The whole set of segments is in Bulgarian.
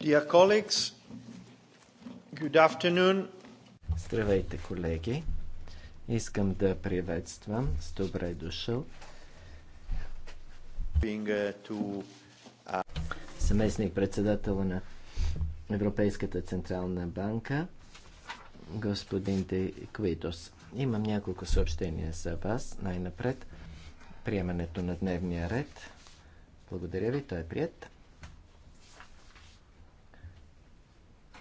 Dear colleagues, good afternoon. Здравейте, колеги. Искам да приветствам с добре дошъл uh, uh, съместник председател на Европейската централна банка, господин Де Квитос. Имам няколко съобщения за вас. Най-напред, приемането на дневния ред. Благодаря ви, той е прият.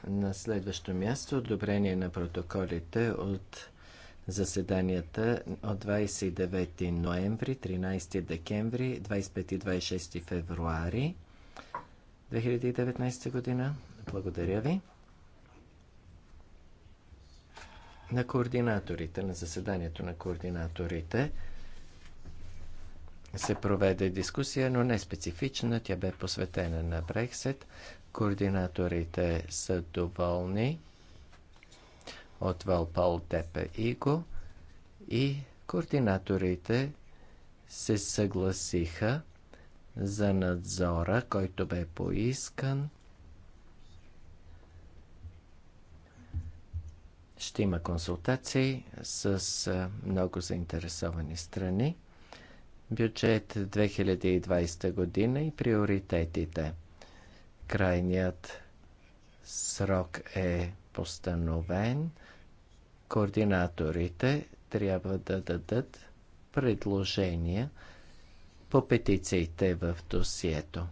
На следващо място одобрение на протоколите от заседанията от 29 ноември, 13 декември, 25 и 26 февруари 2019 година. Благодаря ви. На координаторите, на заседанието на координаторите се проведе дискусия, но не специфична. Тя бе посветена на Брексит. Координаторите са доволни от Валпал Тепе Иго и координаторите се съгласиха за надзора, който бе поискан. Ще има консултации с много заинтересовани страни. Бюджет 2020 година и приоритетите – Крайният срок е постановен. Координаторите трябва да дадат предложения по петициите в досието.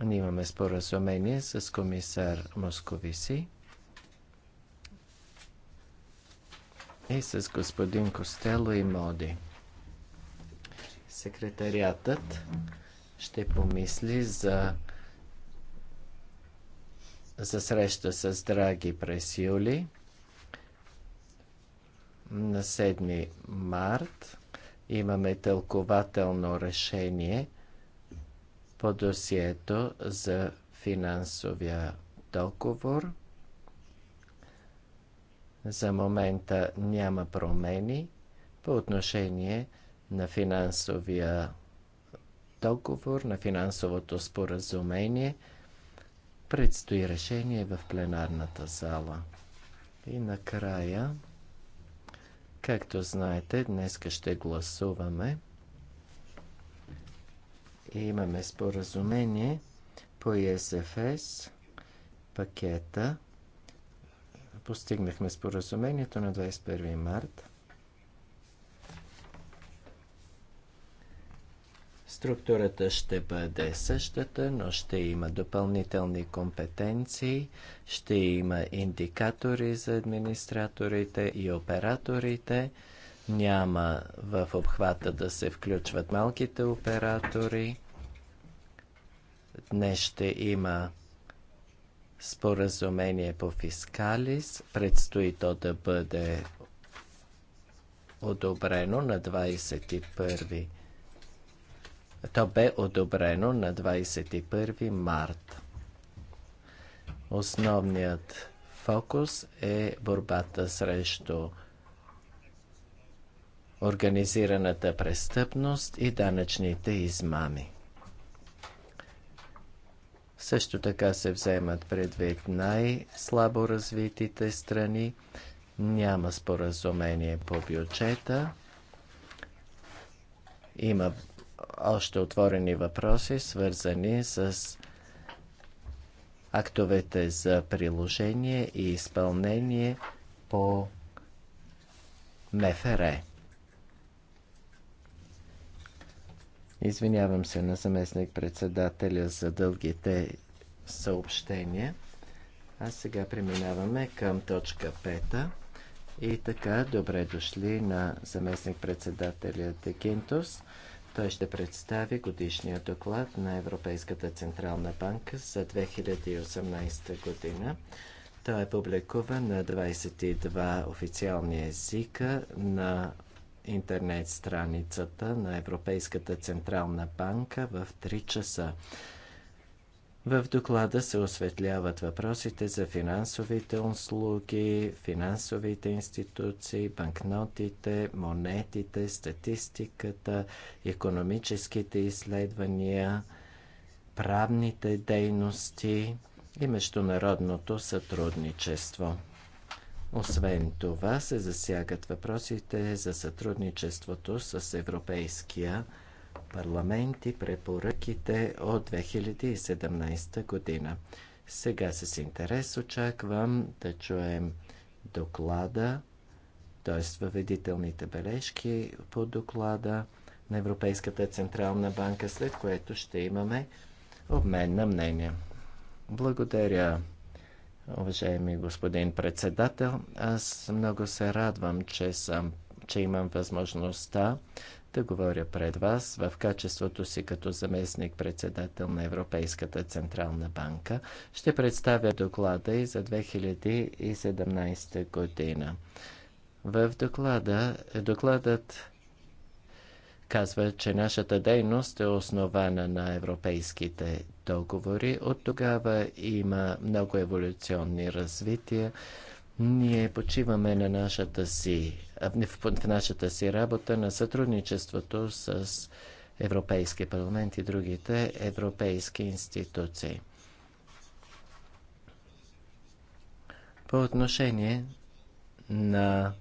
Ние имаме споразумение с комисар Московиси и с господин Костело и Моди. Секретариатът ще помисли за за среща с Драги през юли на 7 март. Имаме тълкователно решение по досието за финансовия договор. За момента няма промени по отношение на финансовия договор, на финансовото споразумение – Предстои решение в пленарната зала. И накрая, както знаете, днес ще гласуваме и имаме споразумение по ЕСФС пакета. Постигнахме споразумението на 21 март. Структурата ще бъде същата, но ще има допълнителни компетенции, ще има индикатори за администраторите и операторите. Няма в обхвата да се включват малките оператори. Днес ще има споразумение по фискалис. Предстои то да бъде одобрено на 21 то бе одобрено на 21 март. Основният фокус е борбата срещу организираната престъпност и данъчните измами. Също така се вземат предвид най-слабо развитите страни. Няма споразумение по бюджета. Има още отворени въпроси, свързани с актовете за приложение и изпълнение по МФР. Извинявам се на заместник-председателя за дългите съобщения. А сега преминаваме към точка 5. И така, добре дошли на заместник-председателя Декинтос. Той ще представи годишния доклад на Европейската Централна банка за 2018 година. Той е публикуван на 22 официални езика на интернет страницата на Европейската Централна банка в 3 часа. В доклада се осветляват въпросите за финансовите услуги, финансовите институции, банкнотите, монетите, статистиката, економическите изследвания, правните дейности и международното сътрудничество. Освен това се засягат въпросите за сътрудничеството с Европейския Парламенти препоръките от 2017 година. Сега с интерес очаквам да чуем доклада, т.е. въведителните бележки по доклада на Европейската Централна банка, след което ще имаме обмен на мнения. Благодаря, уважаеми господин председател. Аз много се радвам, че, съм, че имам възможността да говоря пред вас в качеството си като заместник-председател на Европейската Централна банка. Ще представя доклада и за 2017 година. В доклада, докладът казва, че нашата дейност е основана на европейските договори. От тогава има много еволюционни развития. Ние почиваме на нашата си, в нашата си работа на сътрудничеството с Европейския парламент и другите европейски институции. По отношение на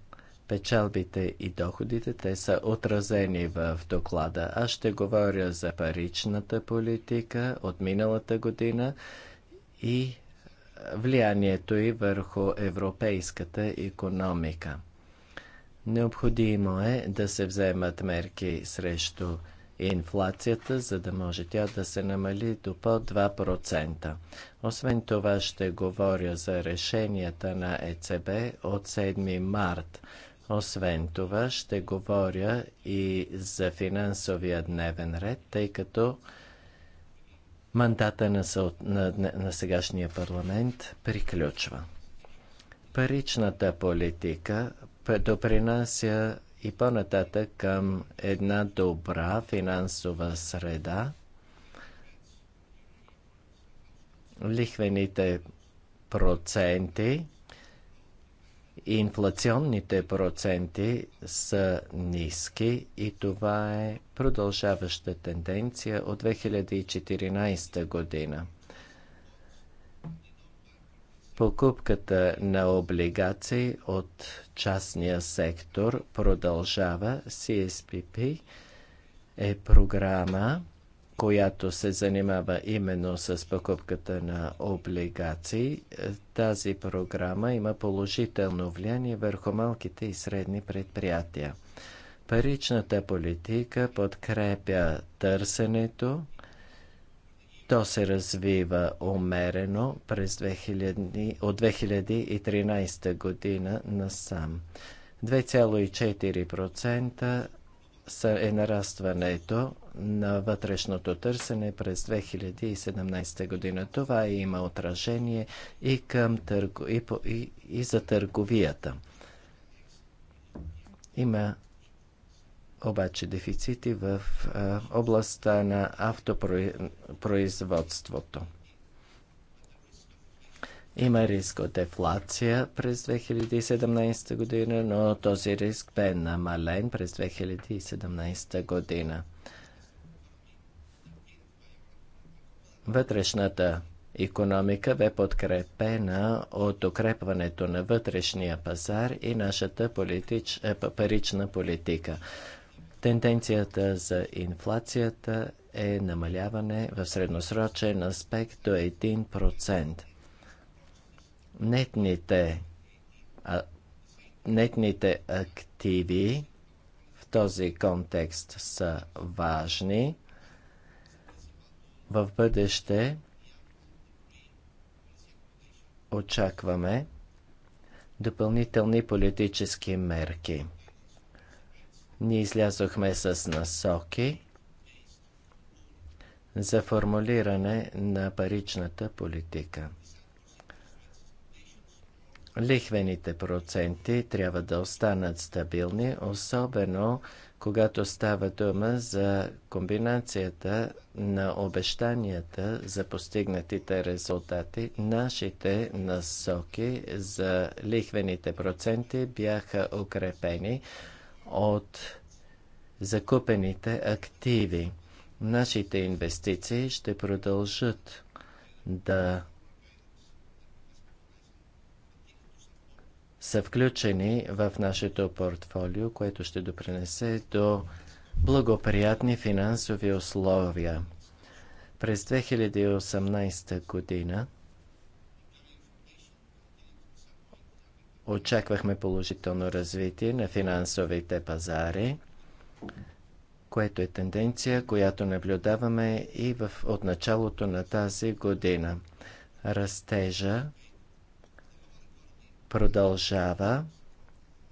печалбите и доходите, те са отразени в доклада. Аз ще говоря за паричната политика от миналата година и влиянието и върху европейската економика. Необходимо е да се вземат мерки срещу инфлацията, за да може тя да се намали до по 2%. Освен това ще говоря за решенията на ЕЦБ от 7 март. Освен това ще говоря и за финансовия дневен ред, тъй като Мандата на, на, на, на сегашния парламент приключва. Паричната политика допринася и по-нататък към една добра финансова среда. Лихвените проценти – Инфлационните проценти са ниски и това е продължаваща тенденция от 2014 година. Покупката на облигации от частния сектор продължава. CSPP е програма, която се занимава именно с покупката на облигации. Тази програма има положително влияние върху малките и средни предприятия. Паричната политика подкрепя търсенето. То се развива умерено през 2000, от 2013 година насам. 2,4% е нарастването на вътрешното търсене през 2017 година. Това е има отражение и, към търго, и, по, и, и за търговията. Има обаче дефицити в а, областта на автопроизводството. Има риск от дефлация през 2017 година, но този риск бе намален през 2017 година. Вътрешната економика бе подкрепена от укрепването на вътрешния пазар и нашата политич... Е, парична политика. Тенденцията за инфлацията е намаляване в средносрочен аспект до 1% нетните, а, нетните активи в този контекст са важни. В бъдеще очакваме допълнителни политически мерки. Ние излязохме с насоки за формулиране на паричната политика. Лихвените проценти трябва да останат стабилни, особено когато става дума за комбинацията на обещанията за постигнатите резултати. Нашите насоки за лихвените проценти бяха укрепени от закупените активи. Нашите инвестиции ще продължат да са включени в нашето портфолио, което ще допринесе до благоприятни финансови условия. През 2018 година очаквахме положително развитие на финансовите пазари, което е тенденция, която наблюдаваме и в, от началото на тази година. Растежа продължава,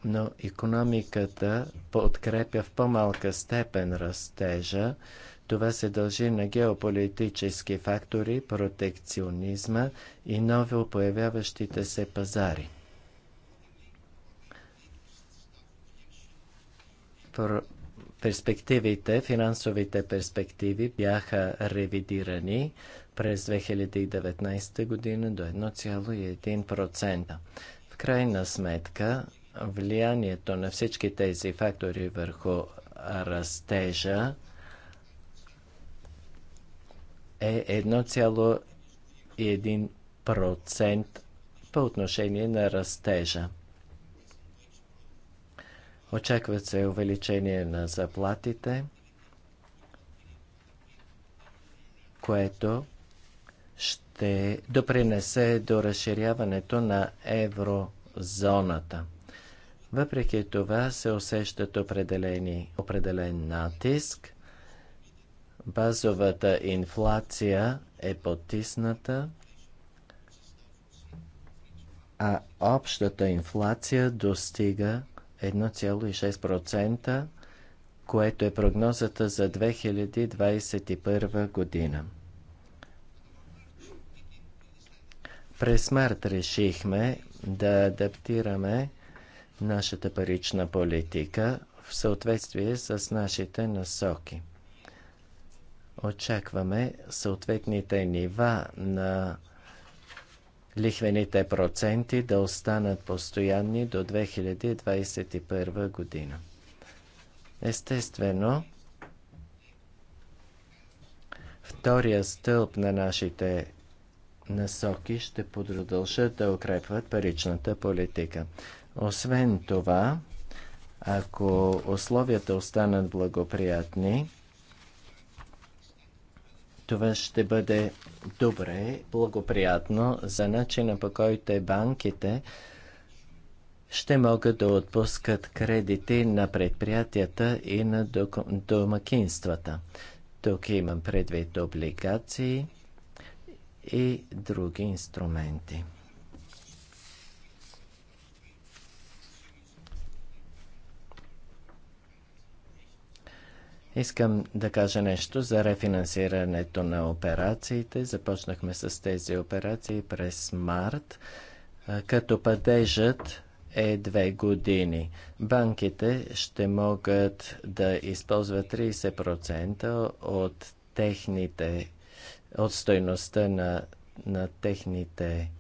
но економиката подкрепя в по-малка степен растежа. Това се дължи на геополитически фактори, протекционизма и ново появяващите се пазари. перспективите, финансовите перспективи бяха ревидирани през 2019 година до 1,1% крайна сметка, влиянието на всички тези фактори върху растежа е 1,1% по отношение на растежа. Очакват се увеличение на заплатите, което ще ще допринесе до разширяването на еврозоната. Въпреки това се усещат определени, определен натиск. Базовата инфлация е потисната, а общата инфлация достига 1,6%, което е прогнозата за 2021 година. През март решихме да адаптираме нашата парична политика в съответствие с нашите насоки. Очакваме съответните нива на лихвените проценти да останат постоянни до 2021 година. Естествено, втория стълб на нашите насоки ще продължат да укрепват паричната политика. Освен това, ако условията останат благоприятни, това ще бъде добре, благоприятно за начина по който банките ще могат да отпускат кредити на предприятията и на домакинствата. Тук имам предвид облигации, и други инструменти. Искам да кажа нещо за рефинансирането на операциите. Започнахме с тези операции през март, като падежът е две години. Банките ще могат да използват 30% от техните от стойността на, на техните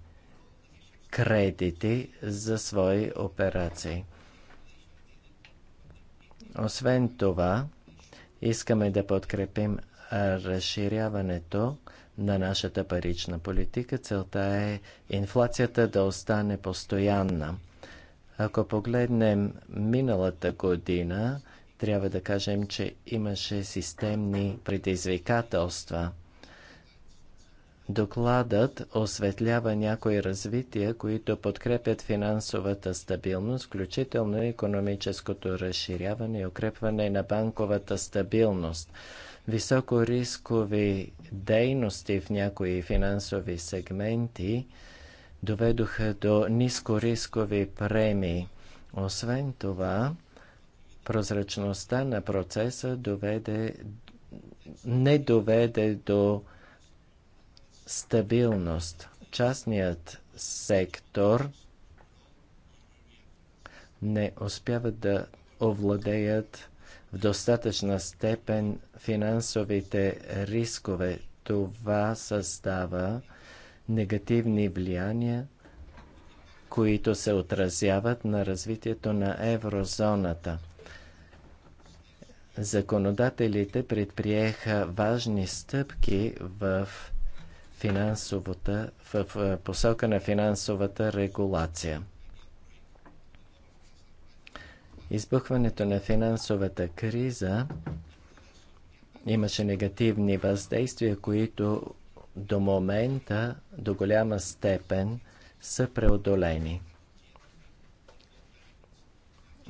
кредити за свои операции. Освен това, искаме да подкрепим разширяването на нашата парична политика. Целта е инфлацията да остане постоянна. Ако погледнем миналата година, трябва да кажем, че имаше системни предизвикателства – Докладът осветлява някои развития, които подкрепят финансовата стабилност, включително економическото разширяване и укрепване на банковата стабилност. Високорискови дейности в някои финансови сегменти доведоха до нискорискови премии. Освен това, прозрачността на процеса доведе, не доведе до стабилност. Частният сектор не успяват да овладеят в достатъчна степен финансовите рискове. Това създава негативни влияния, които се отразяват на развитието на еврозоната. Законодателите предприеха важни стъпки в финансовата, в, в посока на финансовата регулация. Избухването на финансовата криза имаше негативни въздействия, които до момента до голяма степен са преодолени.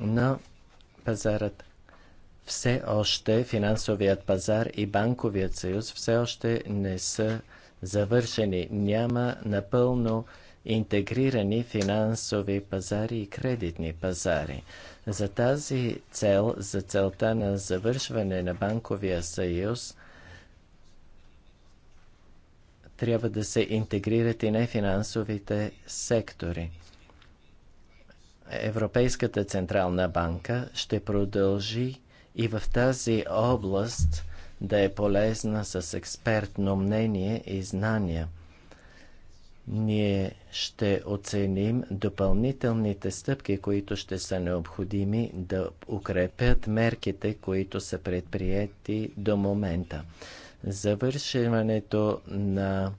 Но пазарът все още, финансовият пазар и банковият съюз все още не са завършени. Няма напълно интегрирани финансови пазари и кредитни пазари. За тази цел, за целта на завършване на банковия съюз, трябва да се интегрират и нефинансовите сектори. Европейската централна банка ще продължи и в тази област да е полезна с експертно мнение и знания. Ние ще оценим допълнителните стъпки, които ще са необходими да укрепят мерките, които са предприяти до момента. Завършването на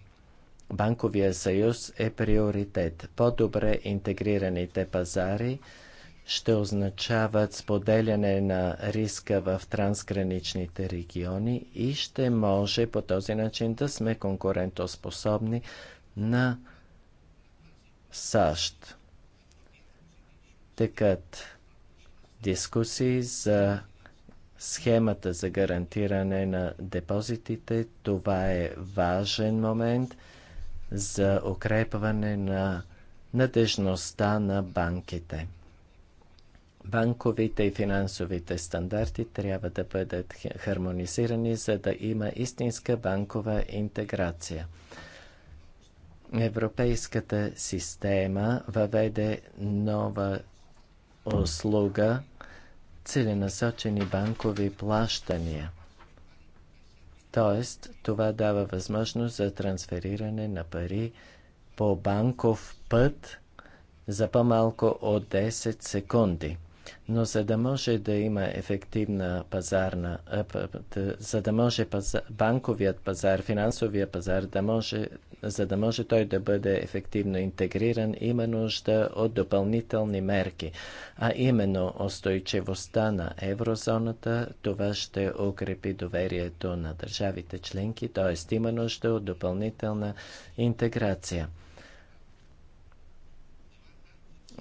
банковия съюз е приоритет. По-добре интегрираните пазари – ще означават споделяне на риска в трансграничните региони и ще може по този начин да сме конкурентоспособни на САЩ. Текат дискусии за схемата за гарантиране на депозитите. Това е важен момент за укрепване на надежността на банките банковите и финансовите стандарти трябва да бъдат хармонизирани, за да има истинска банкова интеграция. Европейската система въведе нова услуга целенасочени банкови плащания. Тоест, това дава възможност за трансфериране на пари по банков път за по-малко от 10 секунди. Но за да може да има ефективна пазарна, за да може пазар, банковият пазар, финансовия пазар, да може, за да може той да бъде ефективно интегриран, има нужда от допълнителни мерки. А именно устойчивостта на еврозоната, това ще укрепи доверието на държавите членки, т.е. има нужда от допълнителна интеграция.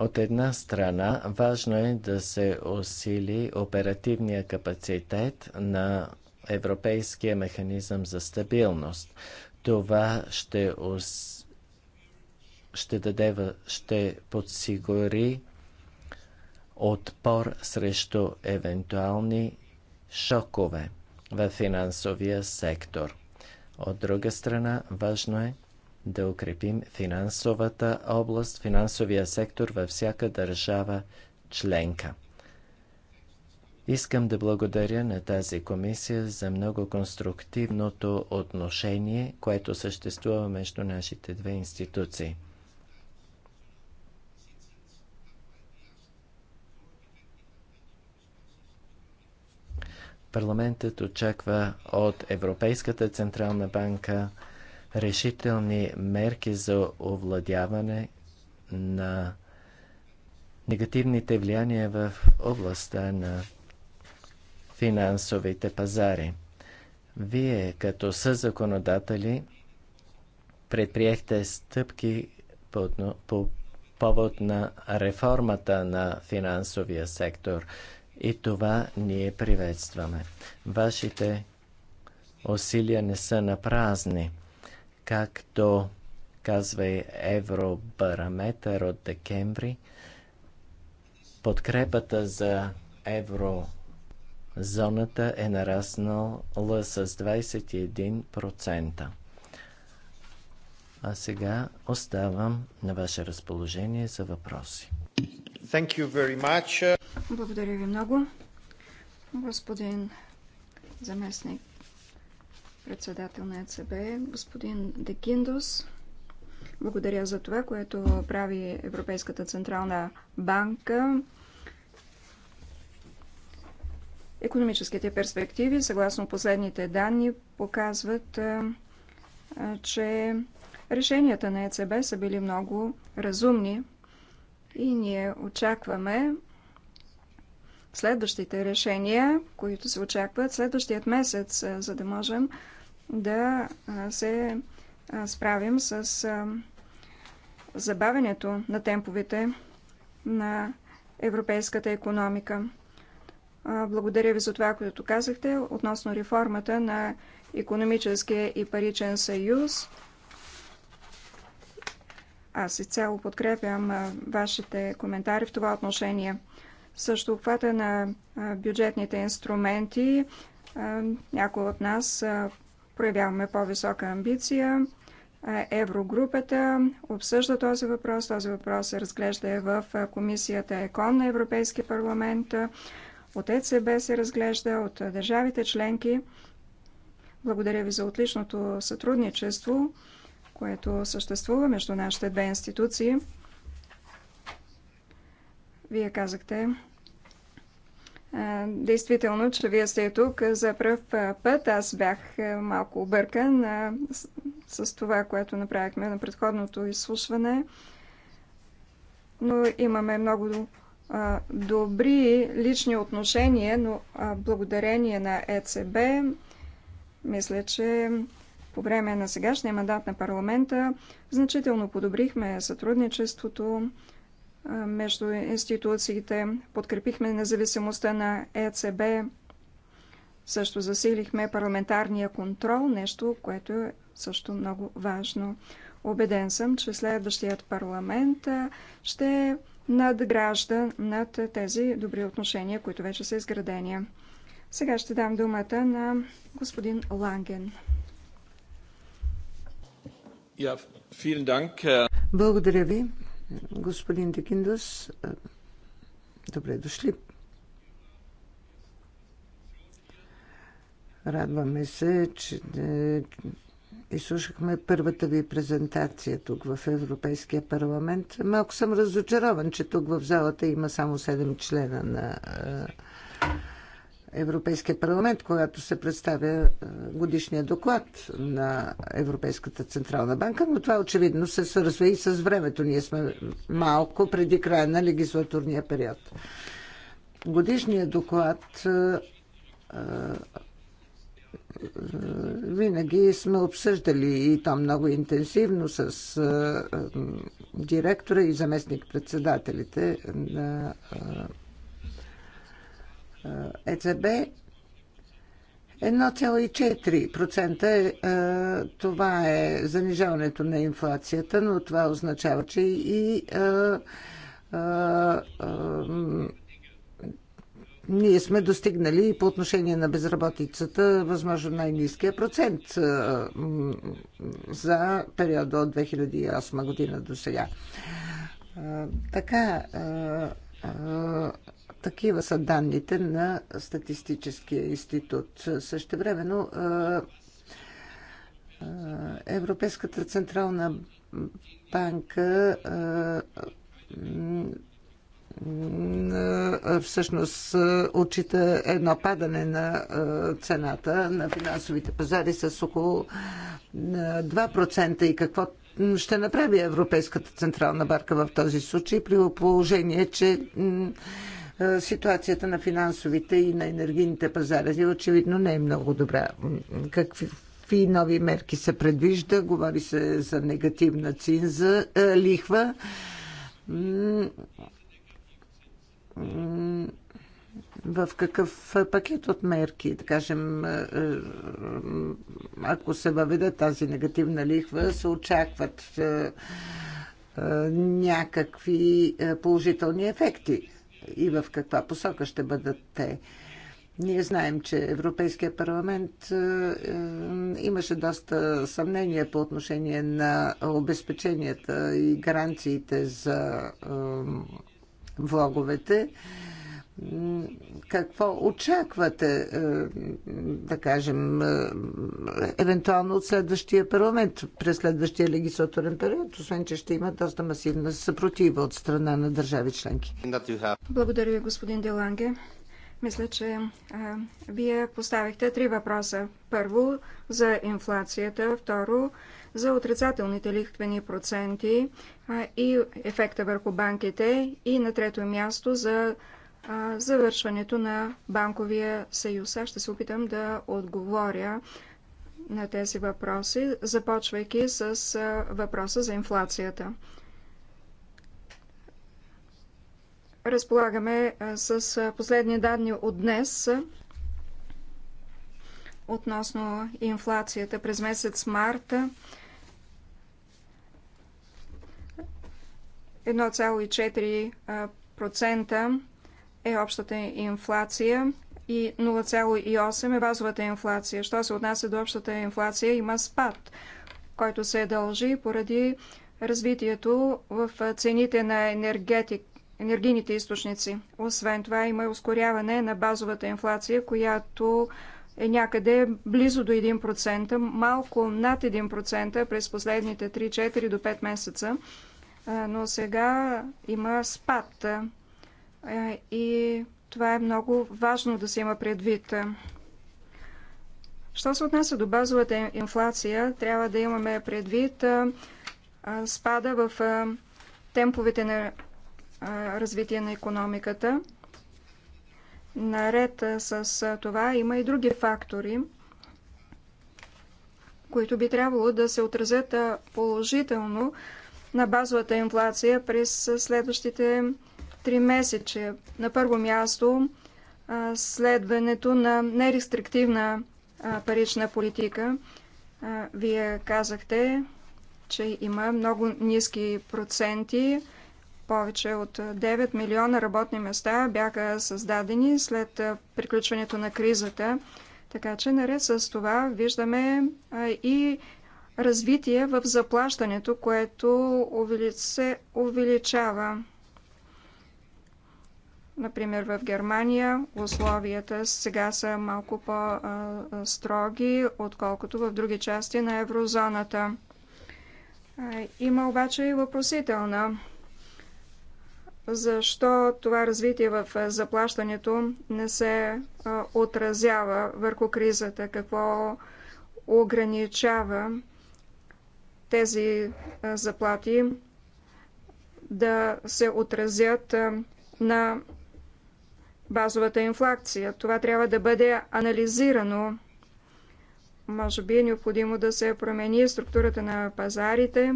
От една страна, важно е да се усили оперативния капацитет на Европейския механизъм за стабилност. Това ще, ус... ще, даде... ще подсигури отпор срещу евентуални шокове в финансовия сектор. От друга страна, важно е да укрепим финансовата област, финансовия сектор във всяка държава членка. Искам да благодаря на тази комисия за много конструктивното отношение, което съществува между нашите две институции. Парламентът очаква от Европейската централна банка решителни мерки за овладяване на негативните влияния в областта на финансовите пазари. Вие, като съзаконодатели, предприехте стъпки по, по повод на реформата на финансовия сектор и това ние приветстваме. Вашите усилия не са напразни. Както казва и Евробараметър от декември, подкрепата за еврозоната е нараснала с 21%. А сега оставам на ваше разположение за въпроси. Thank you very much. Благодаря ви много, господин заместник председател на ЕЦБ, господин Декиндос. Благодаря за това, което прави Европейската централна банка. Економическите перспективи, съгласно последните данни, показват, че решенията на ЕЦБ са били много разумни и ние очакваме следващите решения, които се очакват следващият месец, за да можем да се справим с забавянето на темповете на европейската економика. Благодаря ви за това, което казахте относно реформата на економическия и паричен съюз. Аз и цяло подкрепям вашите коментари в това отношение. Също обхвата на бюджетните инструменти. Някои от нас проявяваме по-висока амбиция. Еврогрупата обсъжда този въпрос. Този въпрос се разглежда в комисията ЕКОН на Европейския парламент. От ЕЦБ се разглежда, от държавите членки. Благодаря ви за отличното сътрудничество, което съществува между нашите две институции. Вие казахте, действително, че вие сте тук за пръв път. Аз бях малко объркан с това, което направихме на предходното изслушване. Но имаме много добри лични отношения, но благодарение на ЕЦБ, мисля, че по време на сегашния мандат на парламента значително подобрихме сътрудничеството, между институциите. Подкрепихме независимостта на ЕЦБ. Също засилихме парламентарния контрол, нещо, което е също много важно. Обеден съм, че следващият парламент ще надгражда над тези добри отношения, които вече са изградени. Сега ще дам думата на господин Ланген. Благодаря ви. Господин Декиндус, добре дошли. Радваме се, че е, изслушахме първата ви презентация тук в Европейския парламент. Малко съм разочарован, че тук в залата има само 7 члена на е, Европейския парламент, когато се представя е, годишния доклад на Европейската Централна банка, но това очевидно се свързва и с времето. Ние сме малко преди края на легислатурния период. Годишният доклад е, е, винаги сме обсъждали и то много интенсивно с директора и заместник-председателите на ЕЦБ 1,4% е, е, това е занижаването на инфлацията, но това означава, че и е, е, е ние сме достигнали по отношение на безработицата възможно най-низкия процент е, за периода от 2008 година до сега. Така, такива са данните на Статистическия институт. също времено Европейската централна банка всъщност отчита едно падане на цената на финансовите пазари с около 2% и какво ще направи Европейската централна банка в този случай при положение, че е, ситуацията на финансовите и на енергийните пазари очевидно не е много добра. Какви, какви нови мерки се предвижда? Говори се за негативна цинза, е, лихва. В какъв пакет от мерки, да кажем, е, е, ако се въведе тази негативна лихва, се очакват някакви положителни ефекти и в каква посока ще бъдат те. Ние знаем, че Европейския парламент е, е, имаше доста съмнение по отношение на обезпеченията и гаранциите за е, влоговете какво очаквате, е, да кажем, е, евентуално от следващия парламент, през следващия легислатурен период, освен че ще има доста масивна съпротива от страна на държави членки. Благодаря ви, господин Деланге. Мисля, че а, е, вие поставихте три въпроса. Първо, за инфлацията. Второ, за отрицателните лихвени проценти а, и ефекта върху банките. И на трето място, за завършването на банковия съюз. Аз ще се опитам да отговоря на тези въпроси, започвайки с въпроса за инфлацията. Разполагаме с последни данни от днес относно инфлацията през месец марта. 1,4% е общата инфлация и 0,8 е базовата инфлация. Що се отнася до общата инфлация, има спад, който се дължи поради развитието в цените на енергетик, енергийните източници. Освен това има и ускоряване на базовата инфлация, която е някъде близо до 1%, малко над 1% през последните 3-4 до 5 месеца. Но сега има спад и това е много важно да се има предвид. Що се отнася до базовата инфлация, трябва да имаме предвид спада в темповете на развитие на економиката. Наред с това има и други фактори, които би трябвало да се отразят положително на базовата инфлация през следващите години три месече. На първо място следването на нерестриктивна парична политика. Вие казахте, че има много ниски проценти. Повече от 9 милиона работни места бяха създадени след приключването на кризата. Така че наред с това виждаме и развитие в заплащането, което се увеличава. Например, в Германия условията сега са малко по-строги, отколкото в други части на еврозоната. Има обаче и въпросителна. Защо това развитие в заплащането не се отразява върху кризата? Какво ограничава тези заплати да се отразят на базовата инфлакция. Това трябва да бъде анализирано. Може би е необходимо да се промени структурата на пазарите,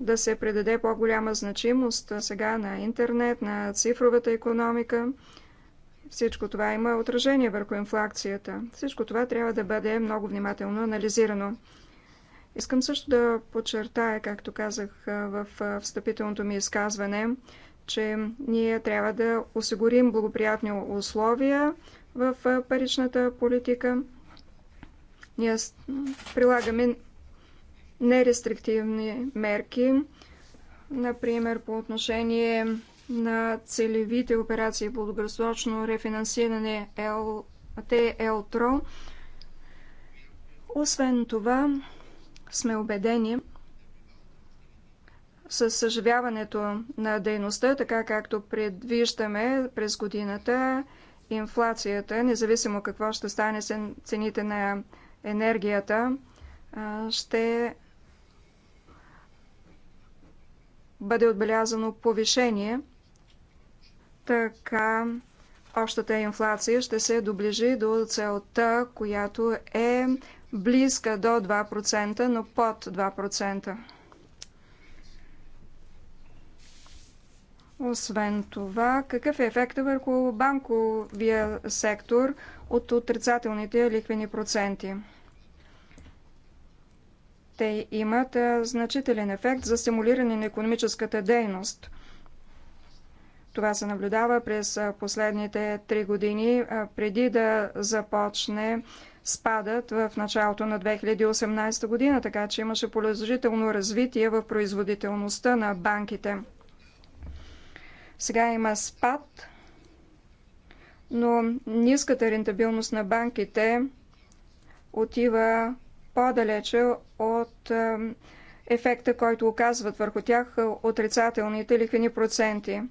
да се придаде по-голяма значимост сега на интернет, на цифровата економика. Всичко това има отражение върху инфлакцията. Всичко това трябва да бъде много внимателно анализирано. Искам също да подчертая, както казах в встъпителното ми изказване, че ние трябва да осигурим благоприятни условия в паричната политика. Ние прилагаме нерестриктивни мерки, например по отношение на целевите операции по дългосрочно рефинансиране ТЛТРО. Освен това, сме убедени, с съживяването на дейността, така както предвиждаме през годината, инфлацията, независимо какво ще стане с цените на енергията, ще бъде отбелязано повишение, така общата инфлация ще се доближи до целта, която е близка до 2%, но под 2%. Освен това, какъв е ефектът върху банковия сектор от отрицателните лихвени проценти? Те имат значителен ефект за стимулиране на економическата дейност. Това се наблюдава през последните три години, преди да започне спадът в началото на 2018 година, така че имаше положително развитие в производителността на банките. Сега има спад, но ниската рентабилност на банките отива по-далече от е, ефекта, който оказват върху тях е, отрицателните лихвени проценти.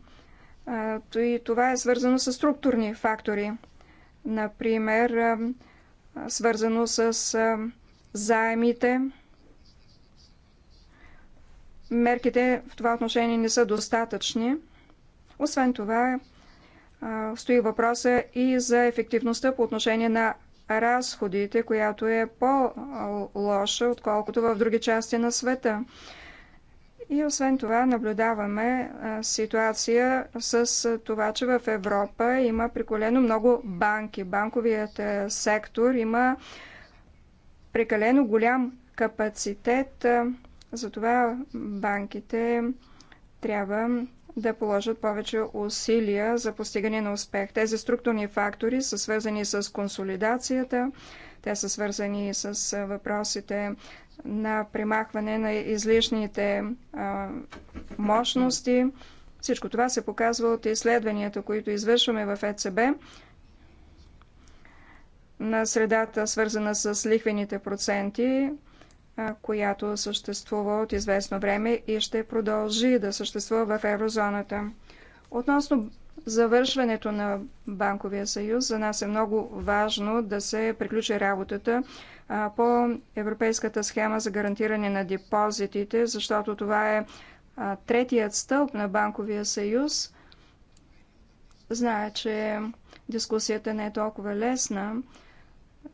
Е, и това е свързано с структурни фактори. Например, свързано с заемите. Мерките в това отношение не са достатъчни. Освен това, стои въпроса и за ефективността по отношение на разходите, която е по-лоша, отколкото в други части на света. И освен това наблюдаваме ситуация с това, че в Европа има прекалено много банки. Банковият сектор има прекалено голям капацитет, затова банките трябва да положат повече усилия за постигане на успех. Тези структурни фактори са свързани с консолидацията, те са свързани с въпросите на примахване на излишните а, мощности. Всичко това се показва от изследванията, които извършваме в ЕЦБ на средата, свързана с лихвените проценти, която съществува от известно време и ще продължи да съществува в еврозоната. Относно завършването на Банковия съюз, за нас е много важно да се приключи работата по Европейската схема за гарантиране на депозитите, защото това е третият стълб на Банковия съюз. Зная, че дискусията не е толкова лесна,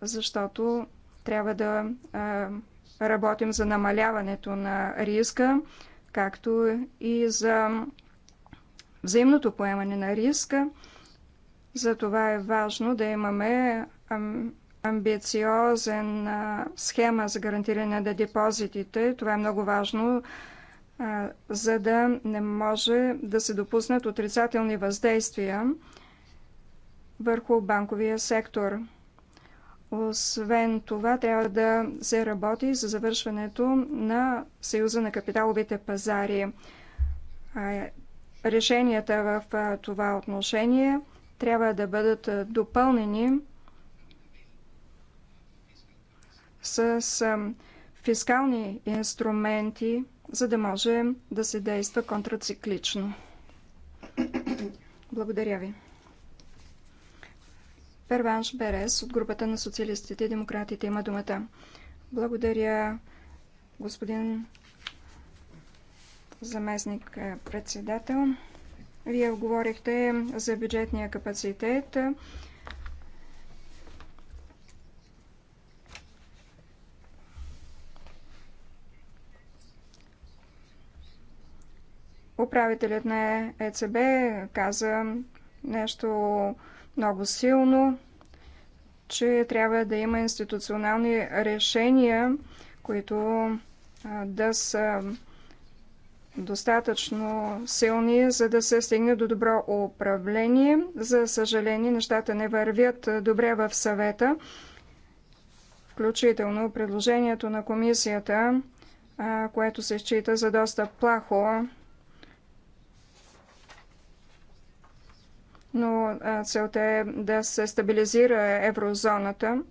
защото трябва да Работим за намаляването на риска, както и за взаимното поемане на риска. Затова е важно да имаме амбициозен схема за гарантиране на депозитите. Това е много важно, за да не може да се допуснат отрицателни въздействия върху банковия сектор. Освен това, трябва да се работи за завършването на Съюза на капиталовите пазари. Решенията в това отношение трябва да бъдат допълнени с фискални инструменти, за да може да се действа контрациклично. Благодаря ви. Перванш Берес от групата на социалистите и демократите има думата. Благодаря, господин заместник е, председател. Вие говорихте за бюджетния капацитет. Управителят на ЕЦБ каза нещо много силно, че трябва да има институционални решения, които да са достатъчно силни, за да се стигне до добро управление. За съжаление, нещата не вървят добре в съвета, включително предложението на комисията, което се счита за доста плахо но целта е да се стабилизира еврозоната.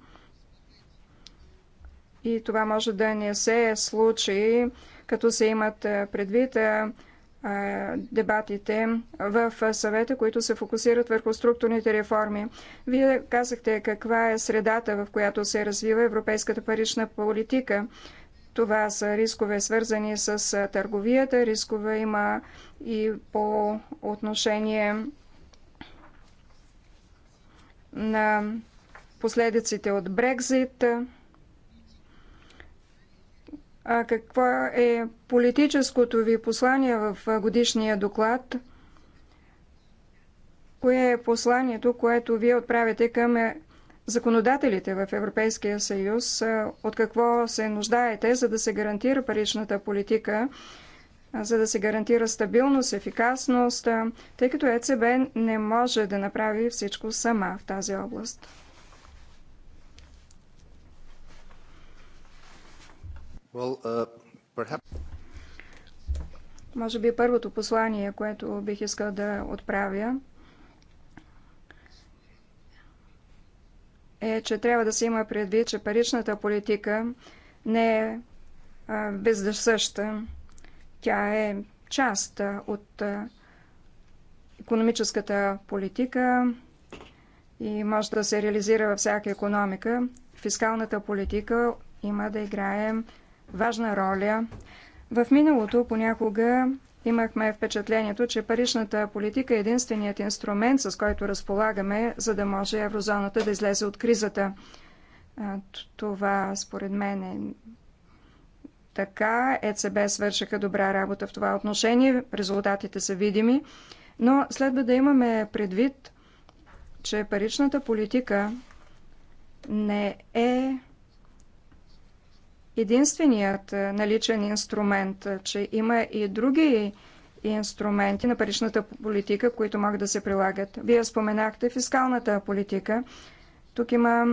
И това може да не се случи, като се имат предвид дебатите в съвета, които се фокусират върху структурните реформи. Вие казахте каква е средата, в която се развива европейската парична политика. Това са рискове свързани с търговията, рискове има и по отношение на последиците от Брекзит, а какво е политическото ви послание в годишния доклад? Кое е посланието, което вие отправяте към е, законодателите в Европейския съюз? Е, от какво се нуждаете, за да се гарантира паричната политика за да се гарантира стабилност, ефикасност, тъй като ЕЦБ не може да направи всичко сама в тази област. Well, uh, perhaps... Може би първото послание, което бих искал да отправя, е, че трябва да се има предвид, че паричната политика не е бездъсъща. Тя е част от економическата политика и може да се реализира във всяка економика. Фискалната политика има да играе важна роля. В миналото понякога имахме впечатлението, че паричната политика е единственият инструмент, с който разполагаме, за да може еврозоната да излезе от кризата. Това, според мен, е така ЕЦБ свършиха добра работа в това отношение. Резултатите са видими. Но следва да имаме предвид, че паричната политика не е единственият е, наличен инструмент, че има и други инструменти на паричната политика, които могат да се прилагат. Вие споменахте фискалната политика. Тук има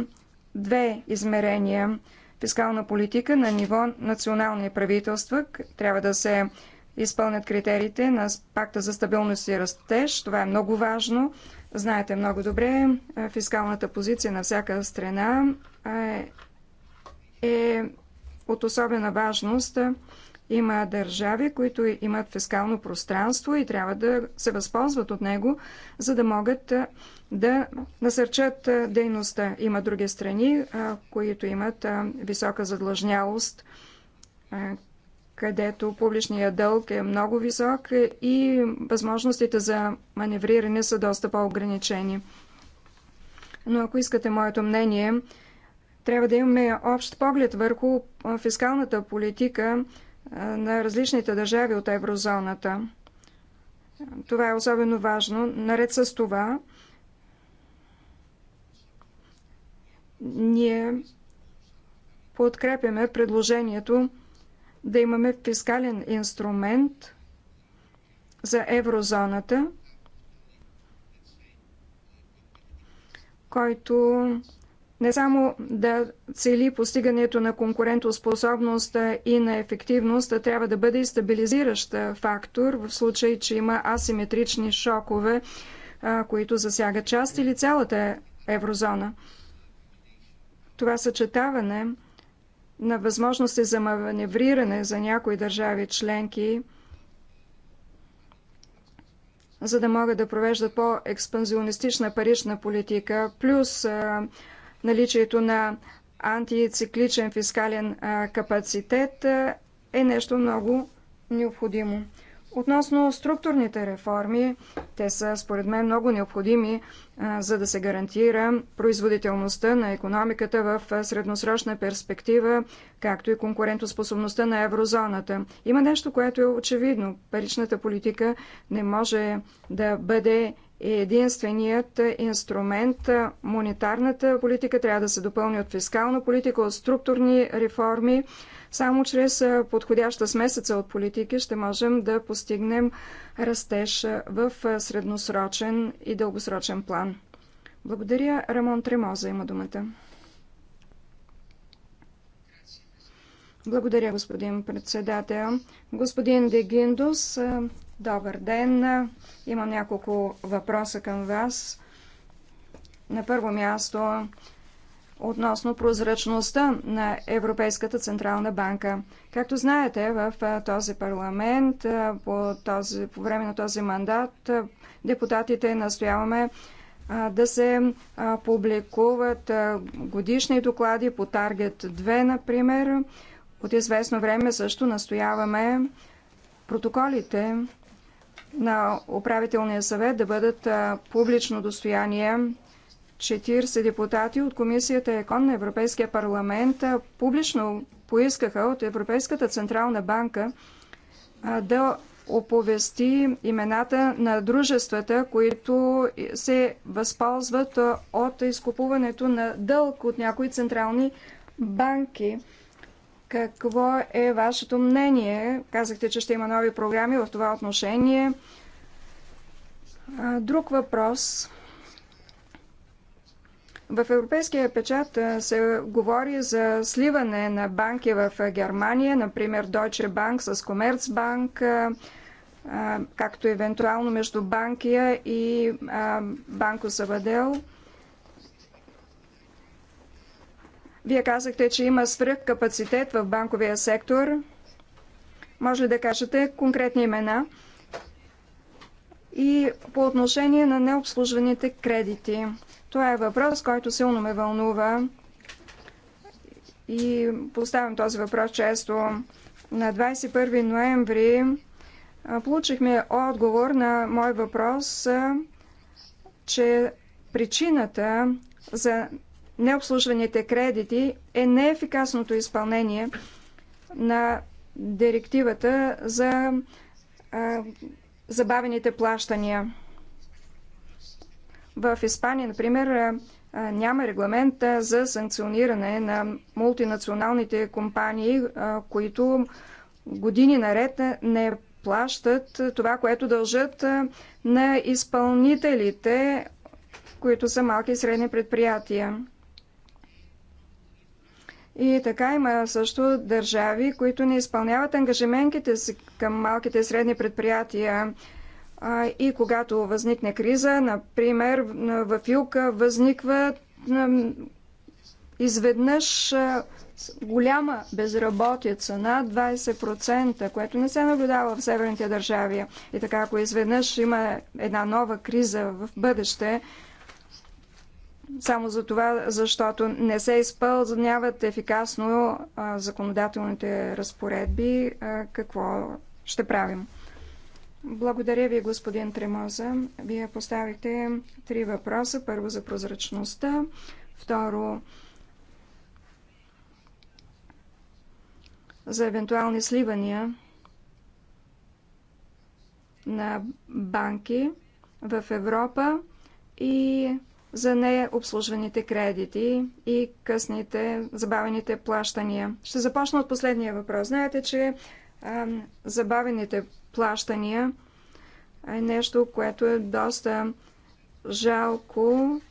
две измерения фискална политика на ниво национални правителства. Трябва да се изпълнят критериите на пакта за стабилност и растеж. Това е много важно. Знаете много добре, е, фискалната позиция на всяка страна е, е от особена важност има държави, които имат фискално пространство и трябва да се възползват от него, за да могат да насърчат дейността. Има други страни, които имат висока задлъжнялост, където публичният дълг е много висок и възможностите за маневриране са доста по-ограничени. Но ако искате моето мнение, трябва да имаме общ поглед върху фискалната политика, на различните държави от еврозоната. Това е особено важно. Наред с това, ние подкрепяме предложението да имаме фискален инструмент за еврозоната, който не само да цели постигането на конкурентоспособност и на ефективност, а трябва да бъде и стабилизиращ фактор в случай, че има асиметрични шокове, които засягат част или цялата еврозона. Това съчетаване на възможности за маневриране за някои държави членки за да могат да провеждат по-експанзионистична парична политика, плюс наличието на антицикличен фискален капацитет е нещо много необходимо. Относно структурните реформи, те са според мен много необходими, за да се гарантира производителността на економиката в средносрочна перспектива, както и конкурентоспособността на еврозоната. Има нещо, което е очевидно. Паричната политика не може да бъде е единственият инструмент. Монетарната политика трябва да се допълни от фискална политика, от структурни реформи. Само чрез подходяща смесеца от политики ще можем да постигнем растеж в средносрочен и дългосрочен план. Благодаря. Рамон Тремоза има думата. Благодаря, господин председател. Господин Дегиндос, Добър ден! Имам няколко въпроса към вас. На първо място относно прозрачността на Европейската Централна банка. Както знаете, в този парламент, по, този, по време на този мандат, депутатите настояваме да се публикуват годишни доклади по Таргет 2, например. От известно време също настояваме протоколите на управителния съвет да бъдат публично достояние. 40 депутати от комисията ЕКОН на Европейския парламент публично поискаха от Европейската централна банка да оповести имената на дружествата, които се възползват от изкупуването на дълг от някои централни банки. Какво е вашето мнение? Казахте, че ще има нови програми в това отношение. Друг въпрос. В европейския печат се говори за сливане на банки в Германия, например Deutsche Bank с Commerzbank, както евентуално между Банкия и Банко Сабадел – Вие казахте, че има свръх капацитет в банковия сектор. Може ли да кажете конкретни имена? И по отношение на необслужваните кредити. Това е въпрос, който силно ме вълнува. И поставям този въпрос често. На 21 ноември получихме отговор на мой въпрос, че причината за необслужваните кредити е неефикасното изпълнение на директивата за забавените плащания. В Испания, например, няма регламент за санкциониране на мултинационалните компании, които години наред не плащат това, което дължат на изпълнителите, които са малки и средни предприятия. И така има също държави, които не изпълняват ангажиментите си към малките и средни предприятия. И когато възникне криза, например в Юка възниква изведнъж голяма безработица на 20%, което не се наблюдава в северните държави. И така, ако изведнъж има една нова криза в бъдеще, само за това, защото не се изпълняват ефикасно законодателните разпоредби. Какво ще правим? Благодаря ви, господин Тремоза. Вие поставихте три въпроса. Първо за прозрачността, второ за евентуални сливания на банки в Европа и за необслужваните кредити и късните, забавените плащания. Ще започна от последния въпрос. Знаете, че а, забавените плащания е нещо, което е доста жалко.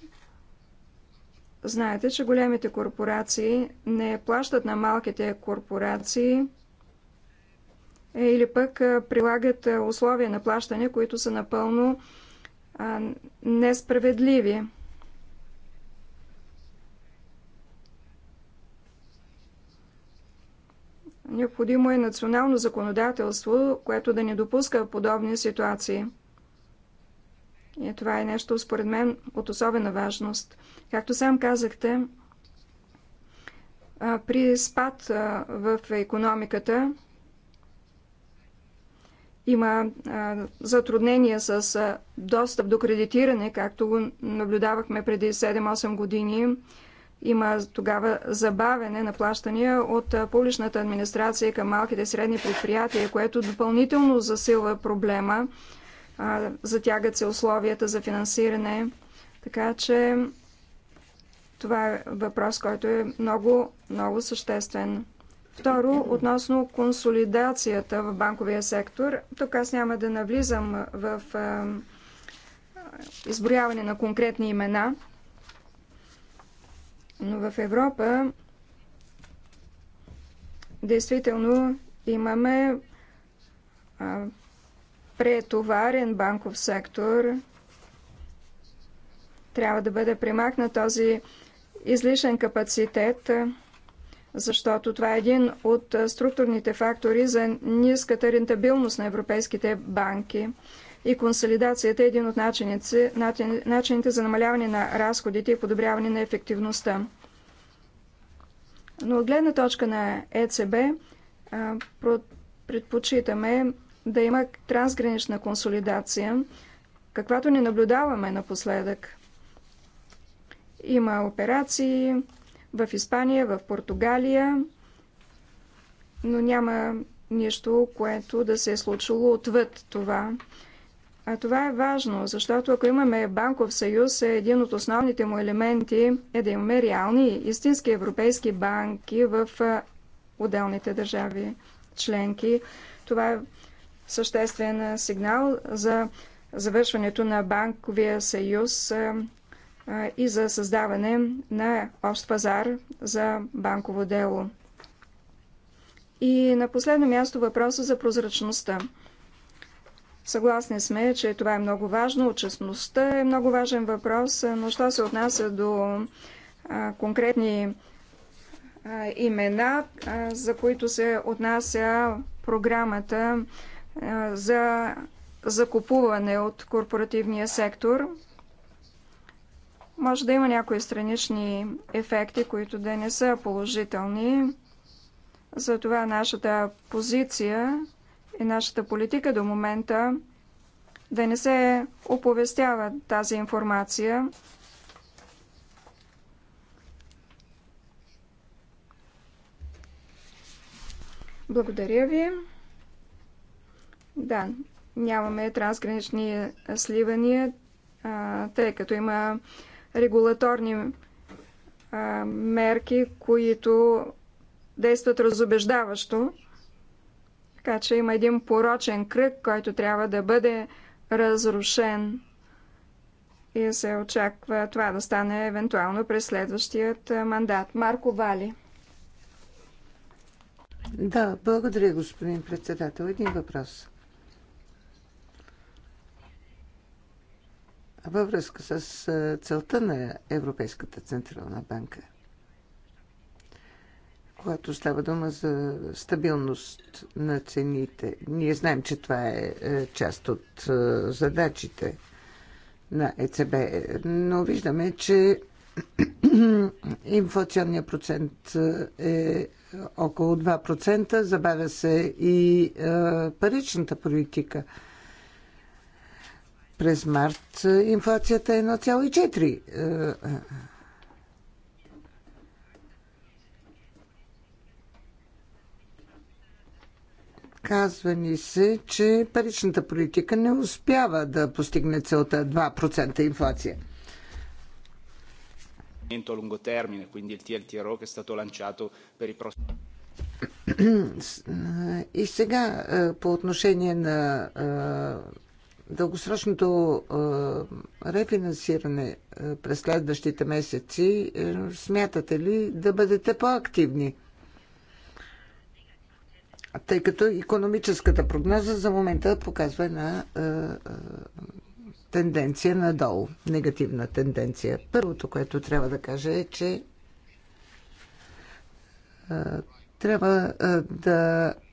Знаете, че големите корпорации не плащат на малките корпорации е, или пък прилагат условия на плащане, които са напълно несправедливи. Необходимо е национално законодателство, което да не допуска подобни ситуации. И това е нещо, според мен, от особена важност. Както сам казахте, при спад в економиката има затруднения с достъп до кредитиране, както го наблюдавахме преди 7-8 години. Има тогава забавене на плащания от публичната администрация към малките и средни предприятия, което допълнително засилва проблема. Затягат се условията за финансиране. Така че това е въпрос, който е много, много съществен. Второ, относно консолидацията в банковия сектор. Тук аз няма да навлизам в изброяване на конкретни имена. Но в Европа действително имаме а, претоварен банков сектор. Трябва да бъде примахнат този излишен капацитет, защото това е един от структурните фактори за ниската рентабилност на европейските банки и консолидацията е един от начините, начините за намаляване на разходите и подобряване на ефективността. Но от гледна точка на ЕЦБ предпочитаме да има трансгранична консолидация, каквато не наблюдаваме напоследък. Има операции в Испания, в Португалия, но няма нищо, което да се е случило отвъд това. А това е важно, защото ако имаме банков съюз, е един от основните му елементи е да имаме реални, истински европейски банки в отделните държави членки. Това е съществен сигнал за завършването на банковия съюз и за създаване на общ пазар за банково дело. И на последно място въпроса за прозрачността. Съгласни сме, че това е много важно. Отчестността е много важен въпрос, но що се отнася до конкретни имена, за които се отнася програмата за закупуване от корпоративния сектор. Може да има някои странични ефекти, които да не са положителни. Затова нашата позиция и нашата политика до момента да не се оповестява тази информация. Благодаря ви. Да, нямаме трансгранични сливания, тъй като има регулаторни мерки, които действат разобеждаващо. Така че има един порочен кръг, който трябва да бъде разрушен. И се очаква това да стане евентуално през следващият е, мандат. Марко Вали. Да, благодаря, господин председател. Един въпрос. Във връзка с е, целта на Европейската централна банка – когато става дума за стабилност на цените. Ние знаем, че това е, е част от е, задачите на ЕЦБ, но виждаме, че инфлационният процент е около 2%, забавя се и е, паричната политика. През март инфлацията е 1,4%. Казва ни се, че паричната политика не успява да постигне целта 2% инфлация. И сега е, по отношение на е, дългосрочното е, рефинансиране през следващите месеци, смятате ли да бъдете по-активни? тъй като економическата прогноза за момента показва една е, е, тенденция надолу, негативна тенденция. Първото, което трябва да кажа е, че е, трябва е, да е,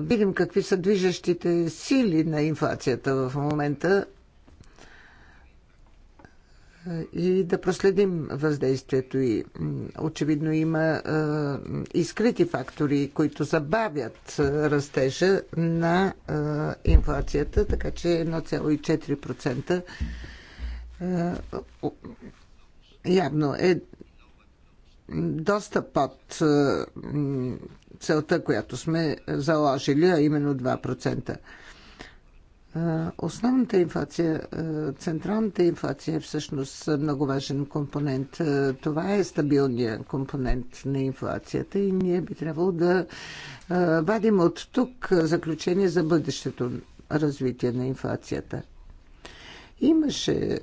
видим какви са движещите сили на инфлацията в момента е, и да проследим въздействието и очевидно има е, изкрити фактори, които забавят е, растежа на инфлацията, така че 1,4% явно е доста под целта, която сме заложили, а именно 2%. Основната инфлация, централната инфлация е всъщност много важен компонент. Това е стабилният компонент на инфлацията и ние би трябвало да вадим от тук заключение за бъдещето развитие на инфлацията. Имаше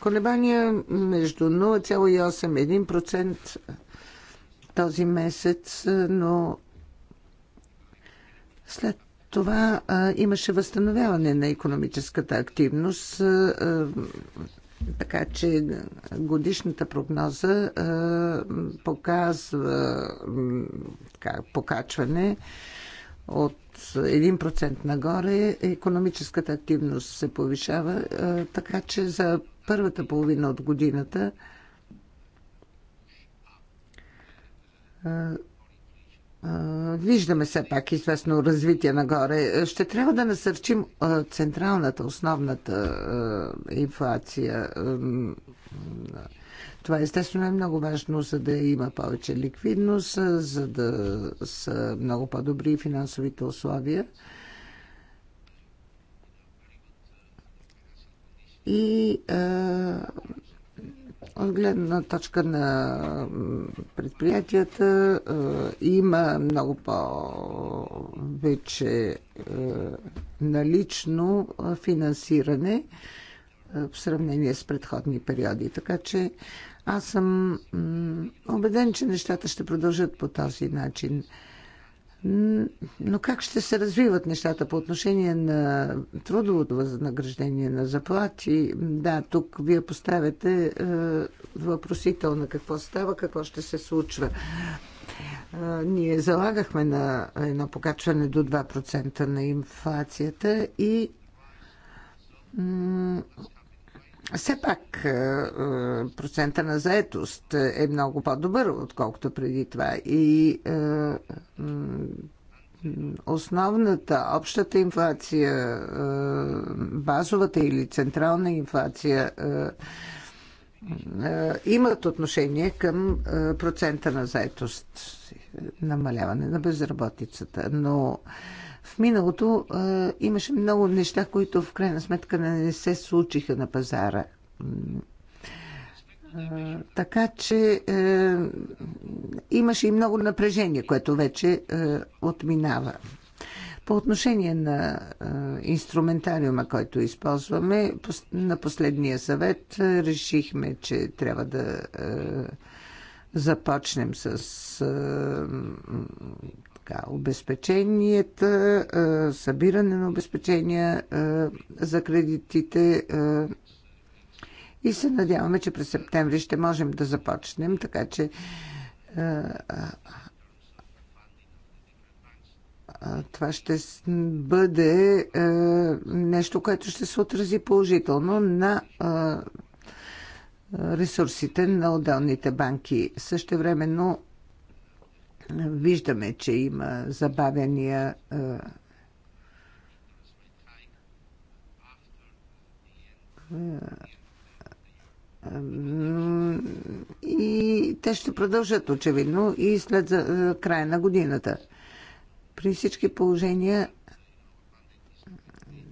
колебания между 0,8-1% този месец, но след това а, имаше възстановяване на економическата активност, а, а, така че годишната прогноза а, показва а, така, покачване от 1% нагоре. Економическата активност се повишава, а, така че за първата половина от годината а, виждаме все пак известно развитие нагоре. Ще трябва да насърчим централната, основната инфлация. Това естествено е много важно, за да има повече ликвидност, за да са много по-добри финансовите условия. И от гледна точка на предприятията е, има много по-вече е, налично финансиране е, в сравнение с предходни периоди. Така че аз съм убеден, че нещата ще продължат по този начин. Но как ще се развиват нещата по отношение на трудовото възнаграждение, на заплати? Да, тук вие поставяте е, въпросител на какво става, какво ще се случва. Е, ние залагахме на едно покачване до 2% на инфлацията и все пак е, е, процента на заетост е много по-добър, отколкото преди това. И е, основната, общата инфлация, базовата или централна инфлация е, имат отношение към е, процента на заетост, намаляване на безработицата. Но в миналото е, имаше много неща, които в крайна сметка не се случиха на пазара. Така че имаше и много напрежение, което вече отминава. По отношение на инструментариума, който използваме, на последния съвет решихме, че трябва да започнем с така, обезпеченията, събиране на обезпечения за кредитите и се надяваме, че през септември ще можем да започнем, така че това ще бъде нещо, което ще се отрази положително на ресурсите на отделните банки. Също времено виждаме, че има забавяния и те ще продължат очевидно и след края на годината. При всички положения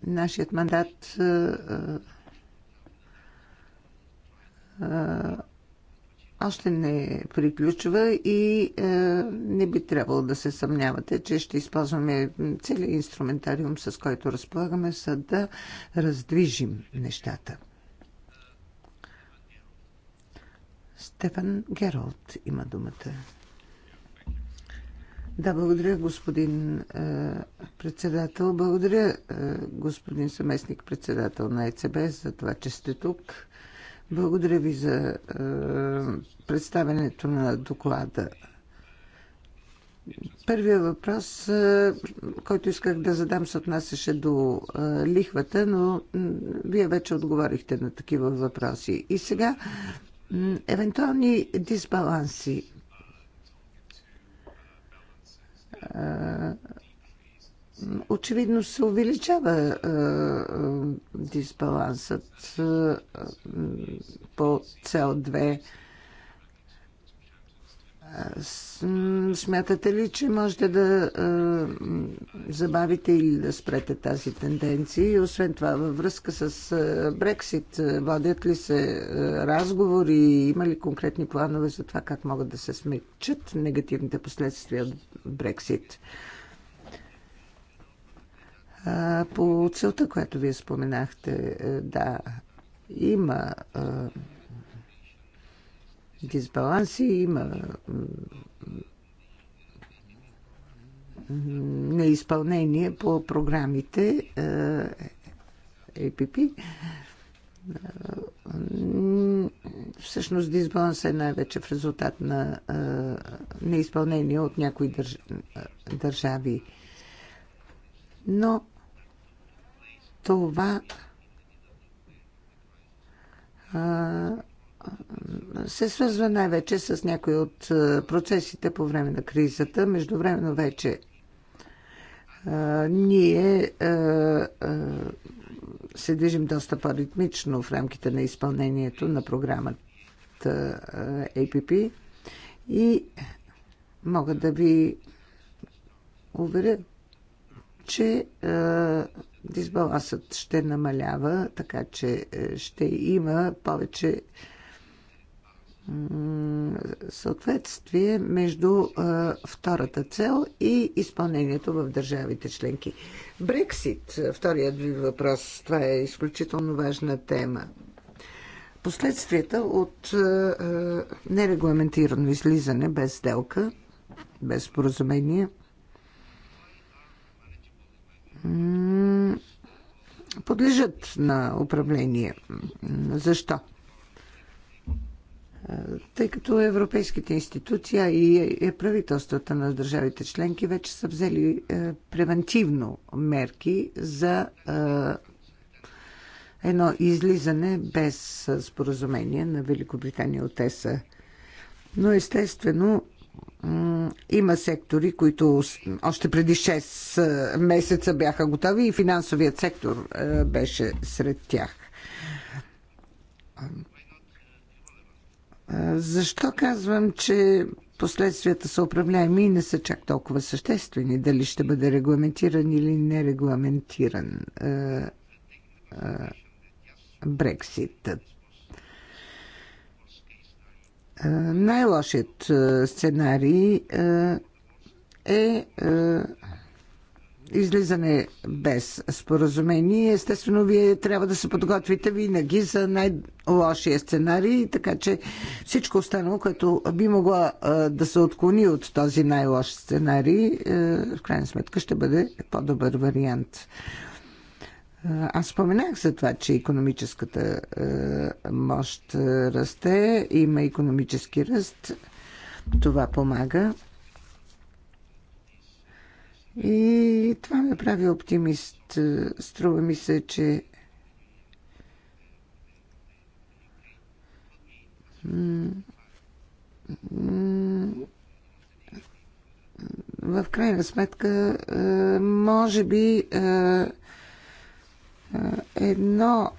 нашият мандат още не приключва и е, не би трябвало да се съмнявате, че ще използваме целият инструментариум, с който разполагаме, за да раздвижим нещата. Стефан Гералт има думата. Да, благодаря, господин е, председател. Благодаря, е, господин съместник председател на ЕЦБ, за това, че сте тук. Благодаря ви за е, представенето на доклада. Първия въпрос, е, който исках да задам, се отнасяше до е, лихвата, но вие вече отговорихте на такива въпроси. И сега, евентуални дисбаланси очевидно се увеличава дисбалансът по цел 2 Смятате ли, че можете да а, забавите или да спрете тази тенденция? И освен това, във връзка с Брексит, водят ли се разговори? Има ли конкретни планове за това как могат да се смекчат негативните последствия от Брексит? По целта, която вие споменахте, е, да, има. А, дисбаланси, има неизпълнение по програмите АПП, Всъщност дисбаланс е най-вече в резултат на неизпълнение от някои държ... държави. Но това се свързва най-вече с някои от процесите по време на кризата. Междувременно вече ние се движим доста по-ритмично в рамките на изпълнението на програмата APP и мога да ви уверя, че дисбалансът ще намалява, така че ще има повече съответствие между втората цел и изпълнението в държавите членки. Брексит, вторият ви въпрос, това е изключително важна тема. Последствията от нерегламентирано излизане без сделка, без споразумение, подлежат на управление. Защо? тъй като европейските институции и е, правителствата на държавите членки вече са взели е, превентивно мерки за е, едно излизане без споразумение на Великобритания от ЕСА. Но естествено има сектори, които още преди 6 месеца бяха готови и финансовият сектор беше сред тях. Защо казвам, че последствията са управляеми и не са чак толкова съществени, дали ще бъде регламентиран или нерегламентиран Брекситът? Най-лошият сценарий е излизане без споразумение. Естествено, вие трябва да се подготвите винаги за най-лошия сценарий, така че всичко останало, което би могло да се отклони от този най-лош сценарий, в крайна сметка ще бъде по-добър вариант. Аз споменах за това, че економическата мощ расте, има економически ръст. Това помага. И това ме прави оптимист. Струва ми се, че в крайна сметка, е, може би е, е, едно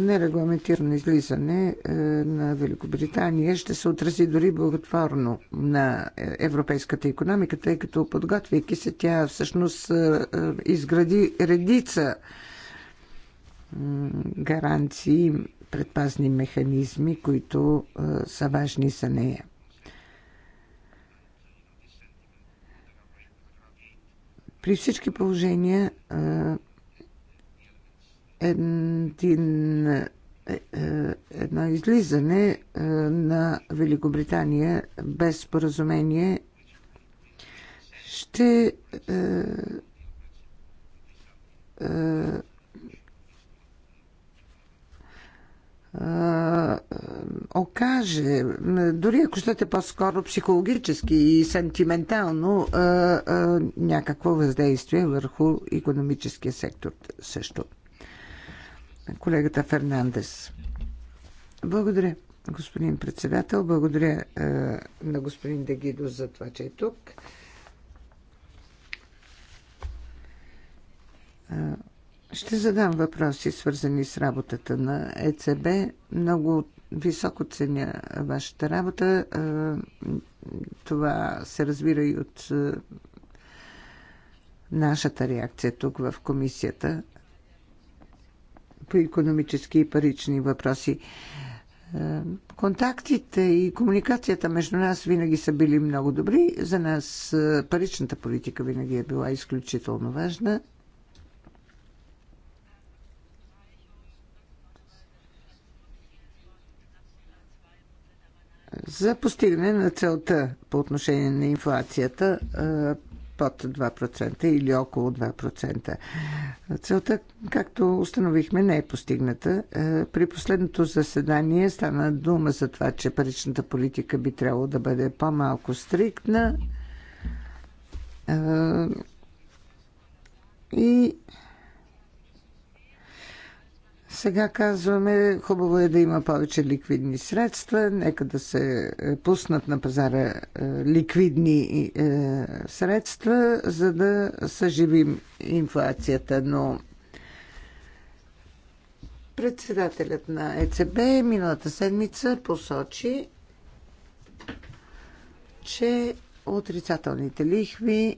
нерегламентирано излизане е, на Великобритания ще се отрази дори благотворно на е, европейската економика, тъй като подготвяйки се тя всъщност изгради редица гаранции, предпазни механизми, които са важни за нея. При всички положения един, е, е, едно излизане е, на Великобритания без споразумение ще окаже, дори ако щете по-скоро психологически и сентиментално някакво въздействие върху економическия сектор също колегата Фернандес. Благодаря, господин председател. Благодаря е, на господин Дегидо за това, че е тук. Е, ще задам въпроси, свързани с работата на ЕЦБ. Много високо ценя вашата работа. Е, това се разбира и от е, нашата реакция тук в комисията по економически и парични въпроси. Е, контактите и комуникацията между нас винаги са били много добри. За нас е, паричната политика винаги е била изключително важна. За постигане на целта по отношение на инфлацията е, под 2% или около 2%. Целта, както установихме, не е постигната. Е, при последното заседание стана дума за това, че паричната политика би трябвало да бъде по-малко стриктна. Е, и сега казваме, хубаво е да има повече ликвидни средства, нека да се е, пуснат на пазара е, ликвидни е, средства, за да съживим инфлацията. Но председателят на ЕЦБ миналата седмица посочи, че отрицателните лихви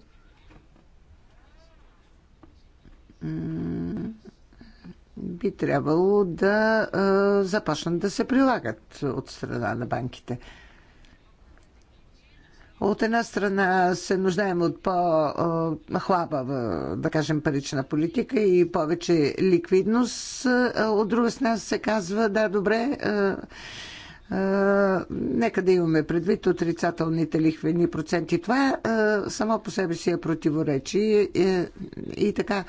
би трябвало да а, започнат да се прилагат от страна на банките. От една страна се нуждаем от по-хлаба, да кажем, парична политика и повече ликвидност. От друга страна се казва, да, добре, нека да имаме предвид отрицателните лихвени проценти. Това само по себе си е противоречие и, и така.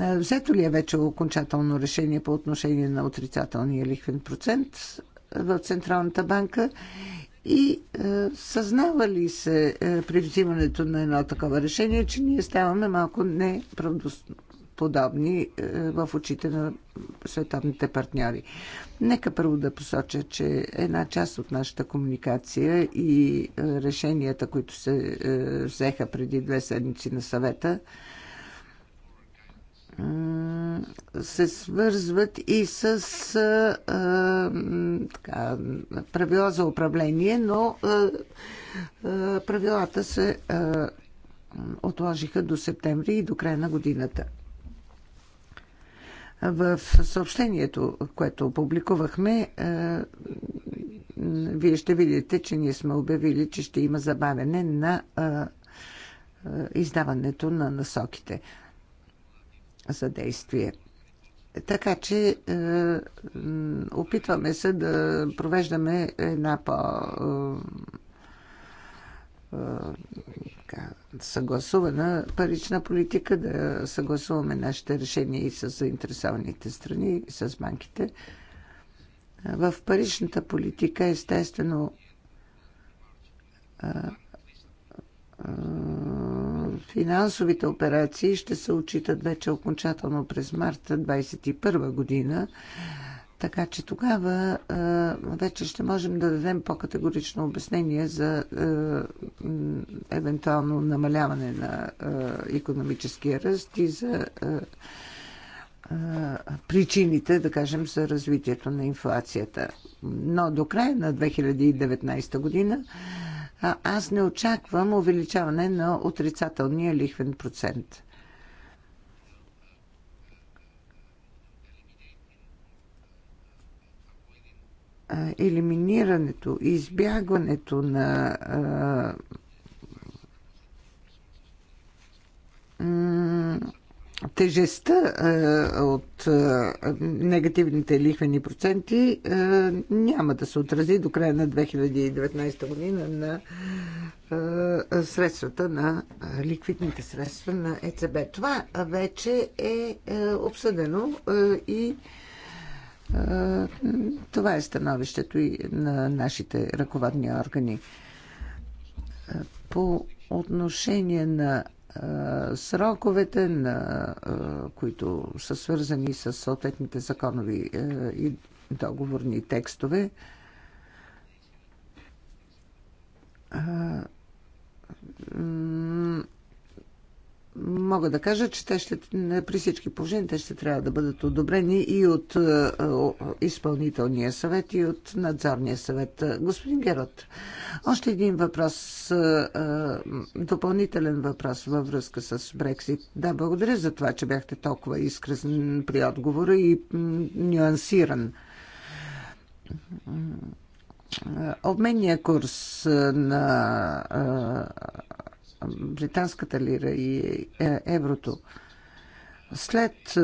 Е, взето ли е вече окончателно решение по отношение на отрицателния лихвен процент в Централната банка и е, съзнава ли се е, при взимането на едно такова решение, че ние ставаме малко неправдоподобни е, в очите на световните партньори? Нека първо да посоча, че една част от нашата комуникация и е, решенията, които се е, взеха преди две седмици на съвета, е, се свързват и с а, така, правила за управление, но а, а, правилата се а, отложиха до септември и до края на годината. В съобщението, което публикувахме, вие ще видите, че ние сме обявили, че ще има забавене на издаването на насоките за действие. Така че е, опитваме се да провеждаме една по- е, е, съгласувана парична политика, да съгласуваме нашите решения и с заинтересованите страни, и с банките. Е, в паричната политика, естествено, финансовите операции ще се отчитат вече окончателно през март 2021 година. Така че тогава а, вече ще можем да дадем по-категорично обяснение за а, евентуално намаляване на а, економическия ръст и за а, а, причините, да кажем, за развитието на инфлацията. Но до края на 2019 година аз не очаквам увеличаване на отрицателния лихвен процент. елиминирането, избягването на а, тежестта от негативните лихвени проценти няма да се отрази до края на 2019 година на средствата на ликвидните средства на ЕЦБ. Това вече е, е обсъдено и това е становището и на нашите ръководни органи. По отношение на сроковете, на, които са свързани с съответните законови и договорни текстове мога да кажа, че те ще, при всички положения те ще трябва да бъдат одобрени и от е, изпълнителния съвет, и от надзорния съвет. Господин Герот, още един въпрос, е, е, допълнителен въпрос във връзка с Брексит. Да, благодаря за това, че бяхте толкова изкръсен при отговора и нюансиран. Обменния курс на британската лира и е, еврото. След е,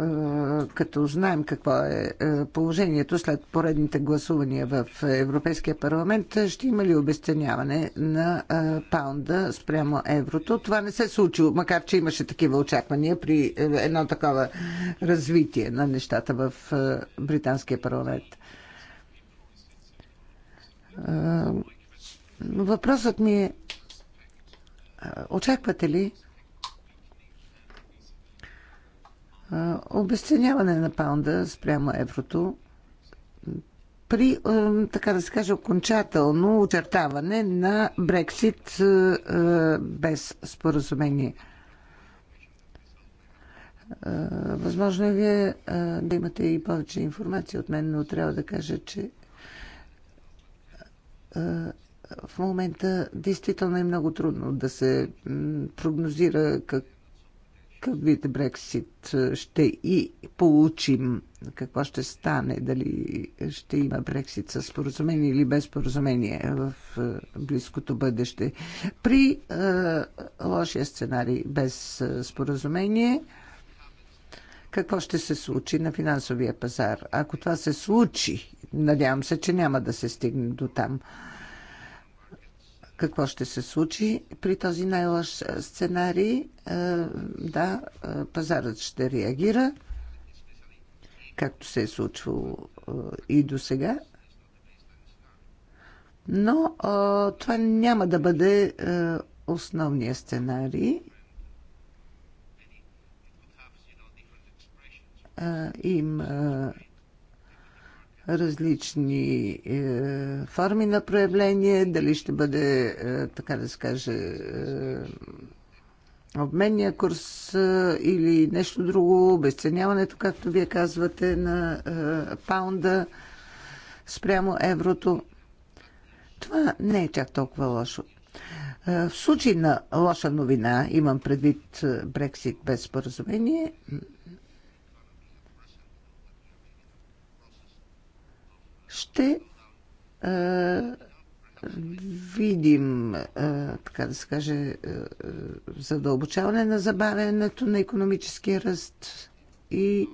е, като знаем какво е положението след поредните гласувания в Европейския парламент, ще има ли обесценяване на паунда спрямо еврото? Това не се случи, макар че имаше такива очаквания при едно такова развитие на нещата в Британския парламент Въпросът ми е, очаквате ли обесценяване на паунда спрямо еврото при, така да се каже, окончателно очертаване на Брексит без споразумение? Възможно е вие да имате и повече информация от мен, но трябва да кажа, че в момента действително е много трудно да се прогнозира как, как вид Брексит ще и получим, какво ще стане, дали ще има Брексит с споразумение или без споразумение в близкото бъдеще. При е, лошия сценарий без споразумение, какво ще се случи на финансовия пазар? Ако това се случи, надявам се, че няма да се стигне до там какво ще се случи при този най-лош е, сценарий. Е, да, е, пазарът ще реагира, както се е случвало и до сега. Но това няма да бъде основния сценарий. Има различни е, форми на проявление, дали ще бъде, е, така да се каже, е, обменния курс е, или нещо друго, обесценяването, както вие казвате, на е, паунда спрямо еврото. Това не е чак толкова лошо. Е, в случай на лоша новина, имам предвид е, Брексит без споразумение, ще а, видим, а, така да се каже, а, задълбочаване на забавянето на економическия ръст и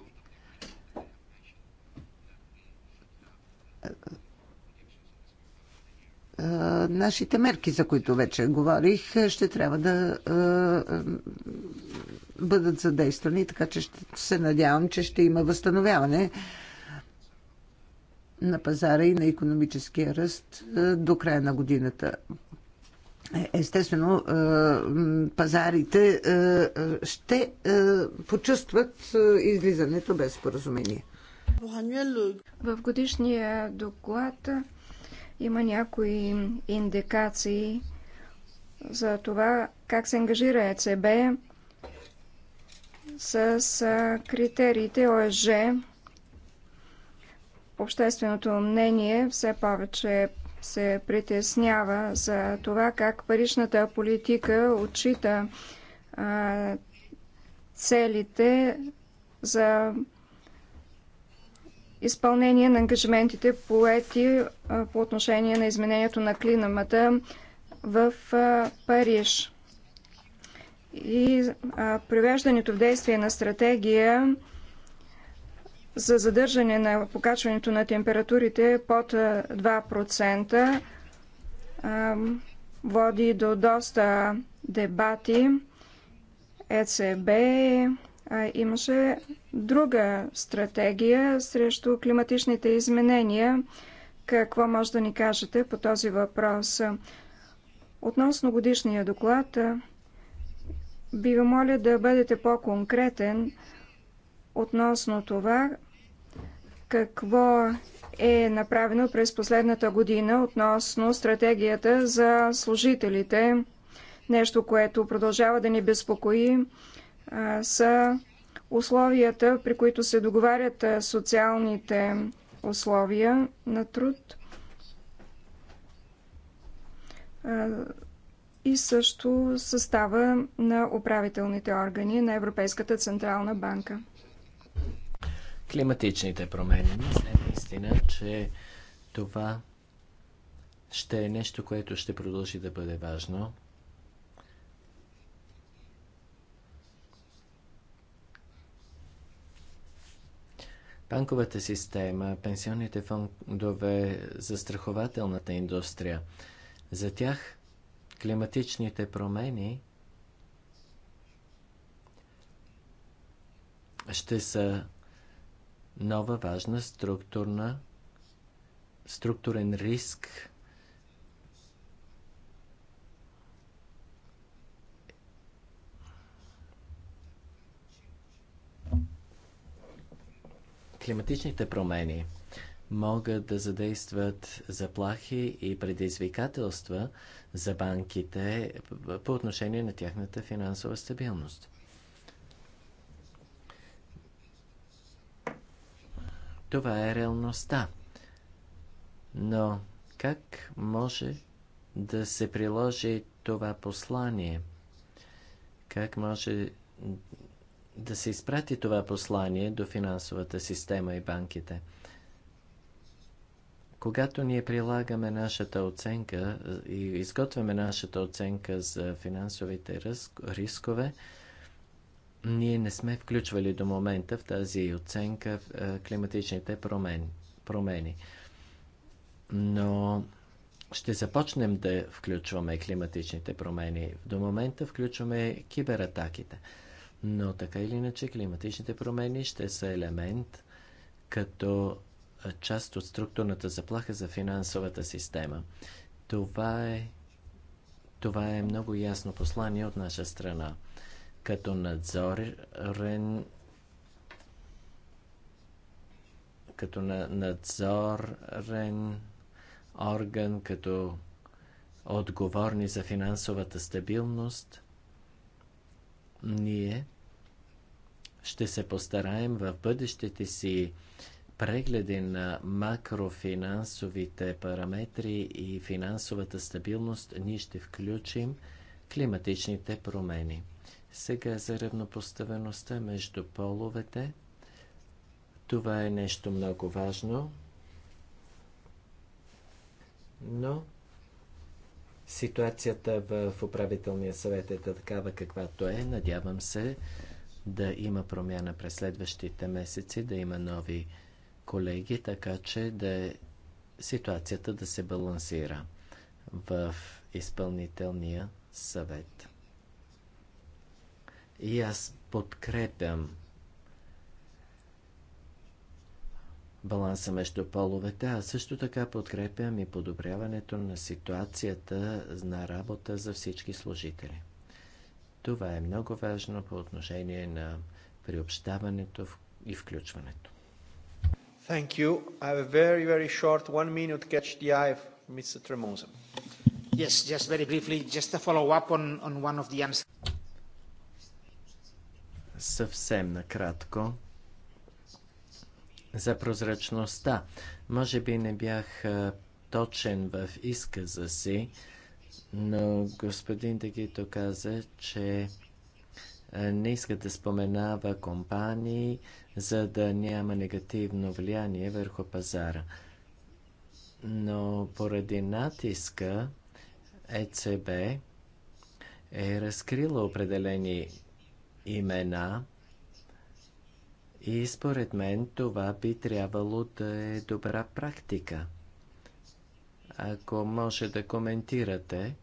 нашите мерки, за които вече говорих, ще трябва да бъдат задействани, така че ще се надявам, че ще има възстановяване на пазара и на економическия ръст до края на годината. Е, естествено, пазарите ще почувстват излизането без споразумение. В годишния доклад има някои индикации за това как се ангажира ЕЦБ с критериите ОСЖ е общественото мнение все повече се притеснява за това как паричната политика отчита а, целите за изпълнение на ангажиментите поети а, по отношение на изменението на климата в а, Париж. И а, привеждането в действие на стратегия за задържане на покачването на температурите под 2% води до доста дебати. ЕЦБ имаше друга стратегия срещу климатичните изменения. Какво може да ни кажете по този въпрос? Относно годишния доклад, би ви моля да бъдете по-конкретен относно това какво е направено през последната година относно стратегията за служителите. Нещо, което продължава да ни безпокои, са условията, при които се договарят социалните условия на труд. И също състава на управителните органи на Европейската централна банка климатичните промени. Мисля наистина, че това ще е нещо, което ще продължи да бъде важно. Банковата система, пенсионните фондове, застрахователната индустрия. За тях климатичните промени ще са нова важна структурна, структурен риск Климатичните промени могат да задействат заплахи и предизвикателства за банките по отношение на тяхната финансова стабилност. Това е реалността. Но как може да се приложи това послание? Как може да се изпрати това послание до финансовата система и банките? Когато ние прилагаме нашата оценка и изготвяме нашата оценка за финансовите рискове, ние не сме включвали до момента в тази оценка е, климатичните промени. промени. Но ще започнем да включваме климатичните промени. До момента включваме кибератаките. Но така или иначе климатичните промени ще са елемент като е, част от структурната заплаха за финансовата система. Това е, това е много ясно послание от наша страна като надзорен като надзорен орган, като отговорни за финансовата стабилност, ние ще се постараем в бъдещите си прегледи на макрофинансовите параметри и финансовата стабилност, ние ще включим климатичните промени. Сега за равнопоставеността между половете. Това е нещо много важно. Но ситуацията в управителния съвет е такава каквато е. Надявам се да има промяна през следващите месеци, да има нови колеги, така че да е ситуацията да се балансира в изпълнителния съвет. И аз подкрепям баланса между половете, а също така подкрепям и подобряването на ситуацията на работа за всички служители. Това е много важно по отношение на приобщаването и включването. Thank you. I have a very, very short one minute catch the eye of Mr. Tremosa. Yes, just very briefly, just a follow up on, on one of the answers съвсем накратко за прозрачността. Може би не бях точен в изказа си, но господин Дегито каза, че не иска да споменава компании, за да няма негативно влияние върху пазара. Но поради натиска ЕЦБ е разкрила определени имена. И според мен това би трябвало да е добра практика. Ако може да коментирате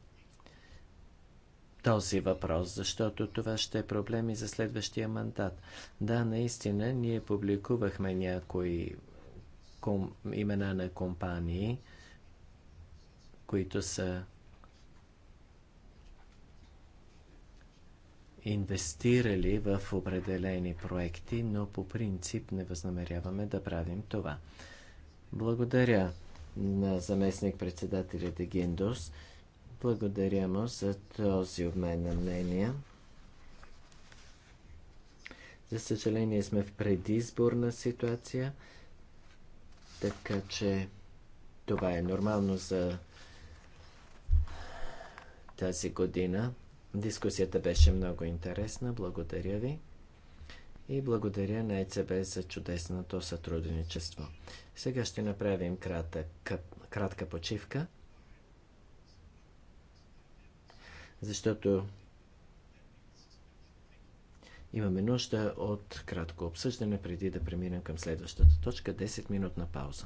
този въпрос, защото това ще е проблем и за следващия мандат. Да, наистина, ние публикувахме някои ком... имена на компании, които са инвестирали в определени проекти, но по принцип не възнамеряваме да правим това. Благодаря на заместник председателя Дегиндос. Благодаря му за този обмен на мнения. За съжаление сме в предизборна ситуация, така че това е нормално за тази година. Дискусията беше много интересна. Благодаря ви. И благодаря на ЕЦБ за чудесното сътрудничество. Сега ще направим кратък, кратка почивка, защото имаме нужда от кратко обсъждане преди да преминем към следващата точка. 10 минутна пауза.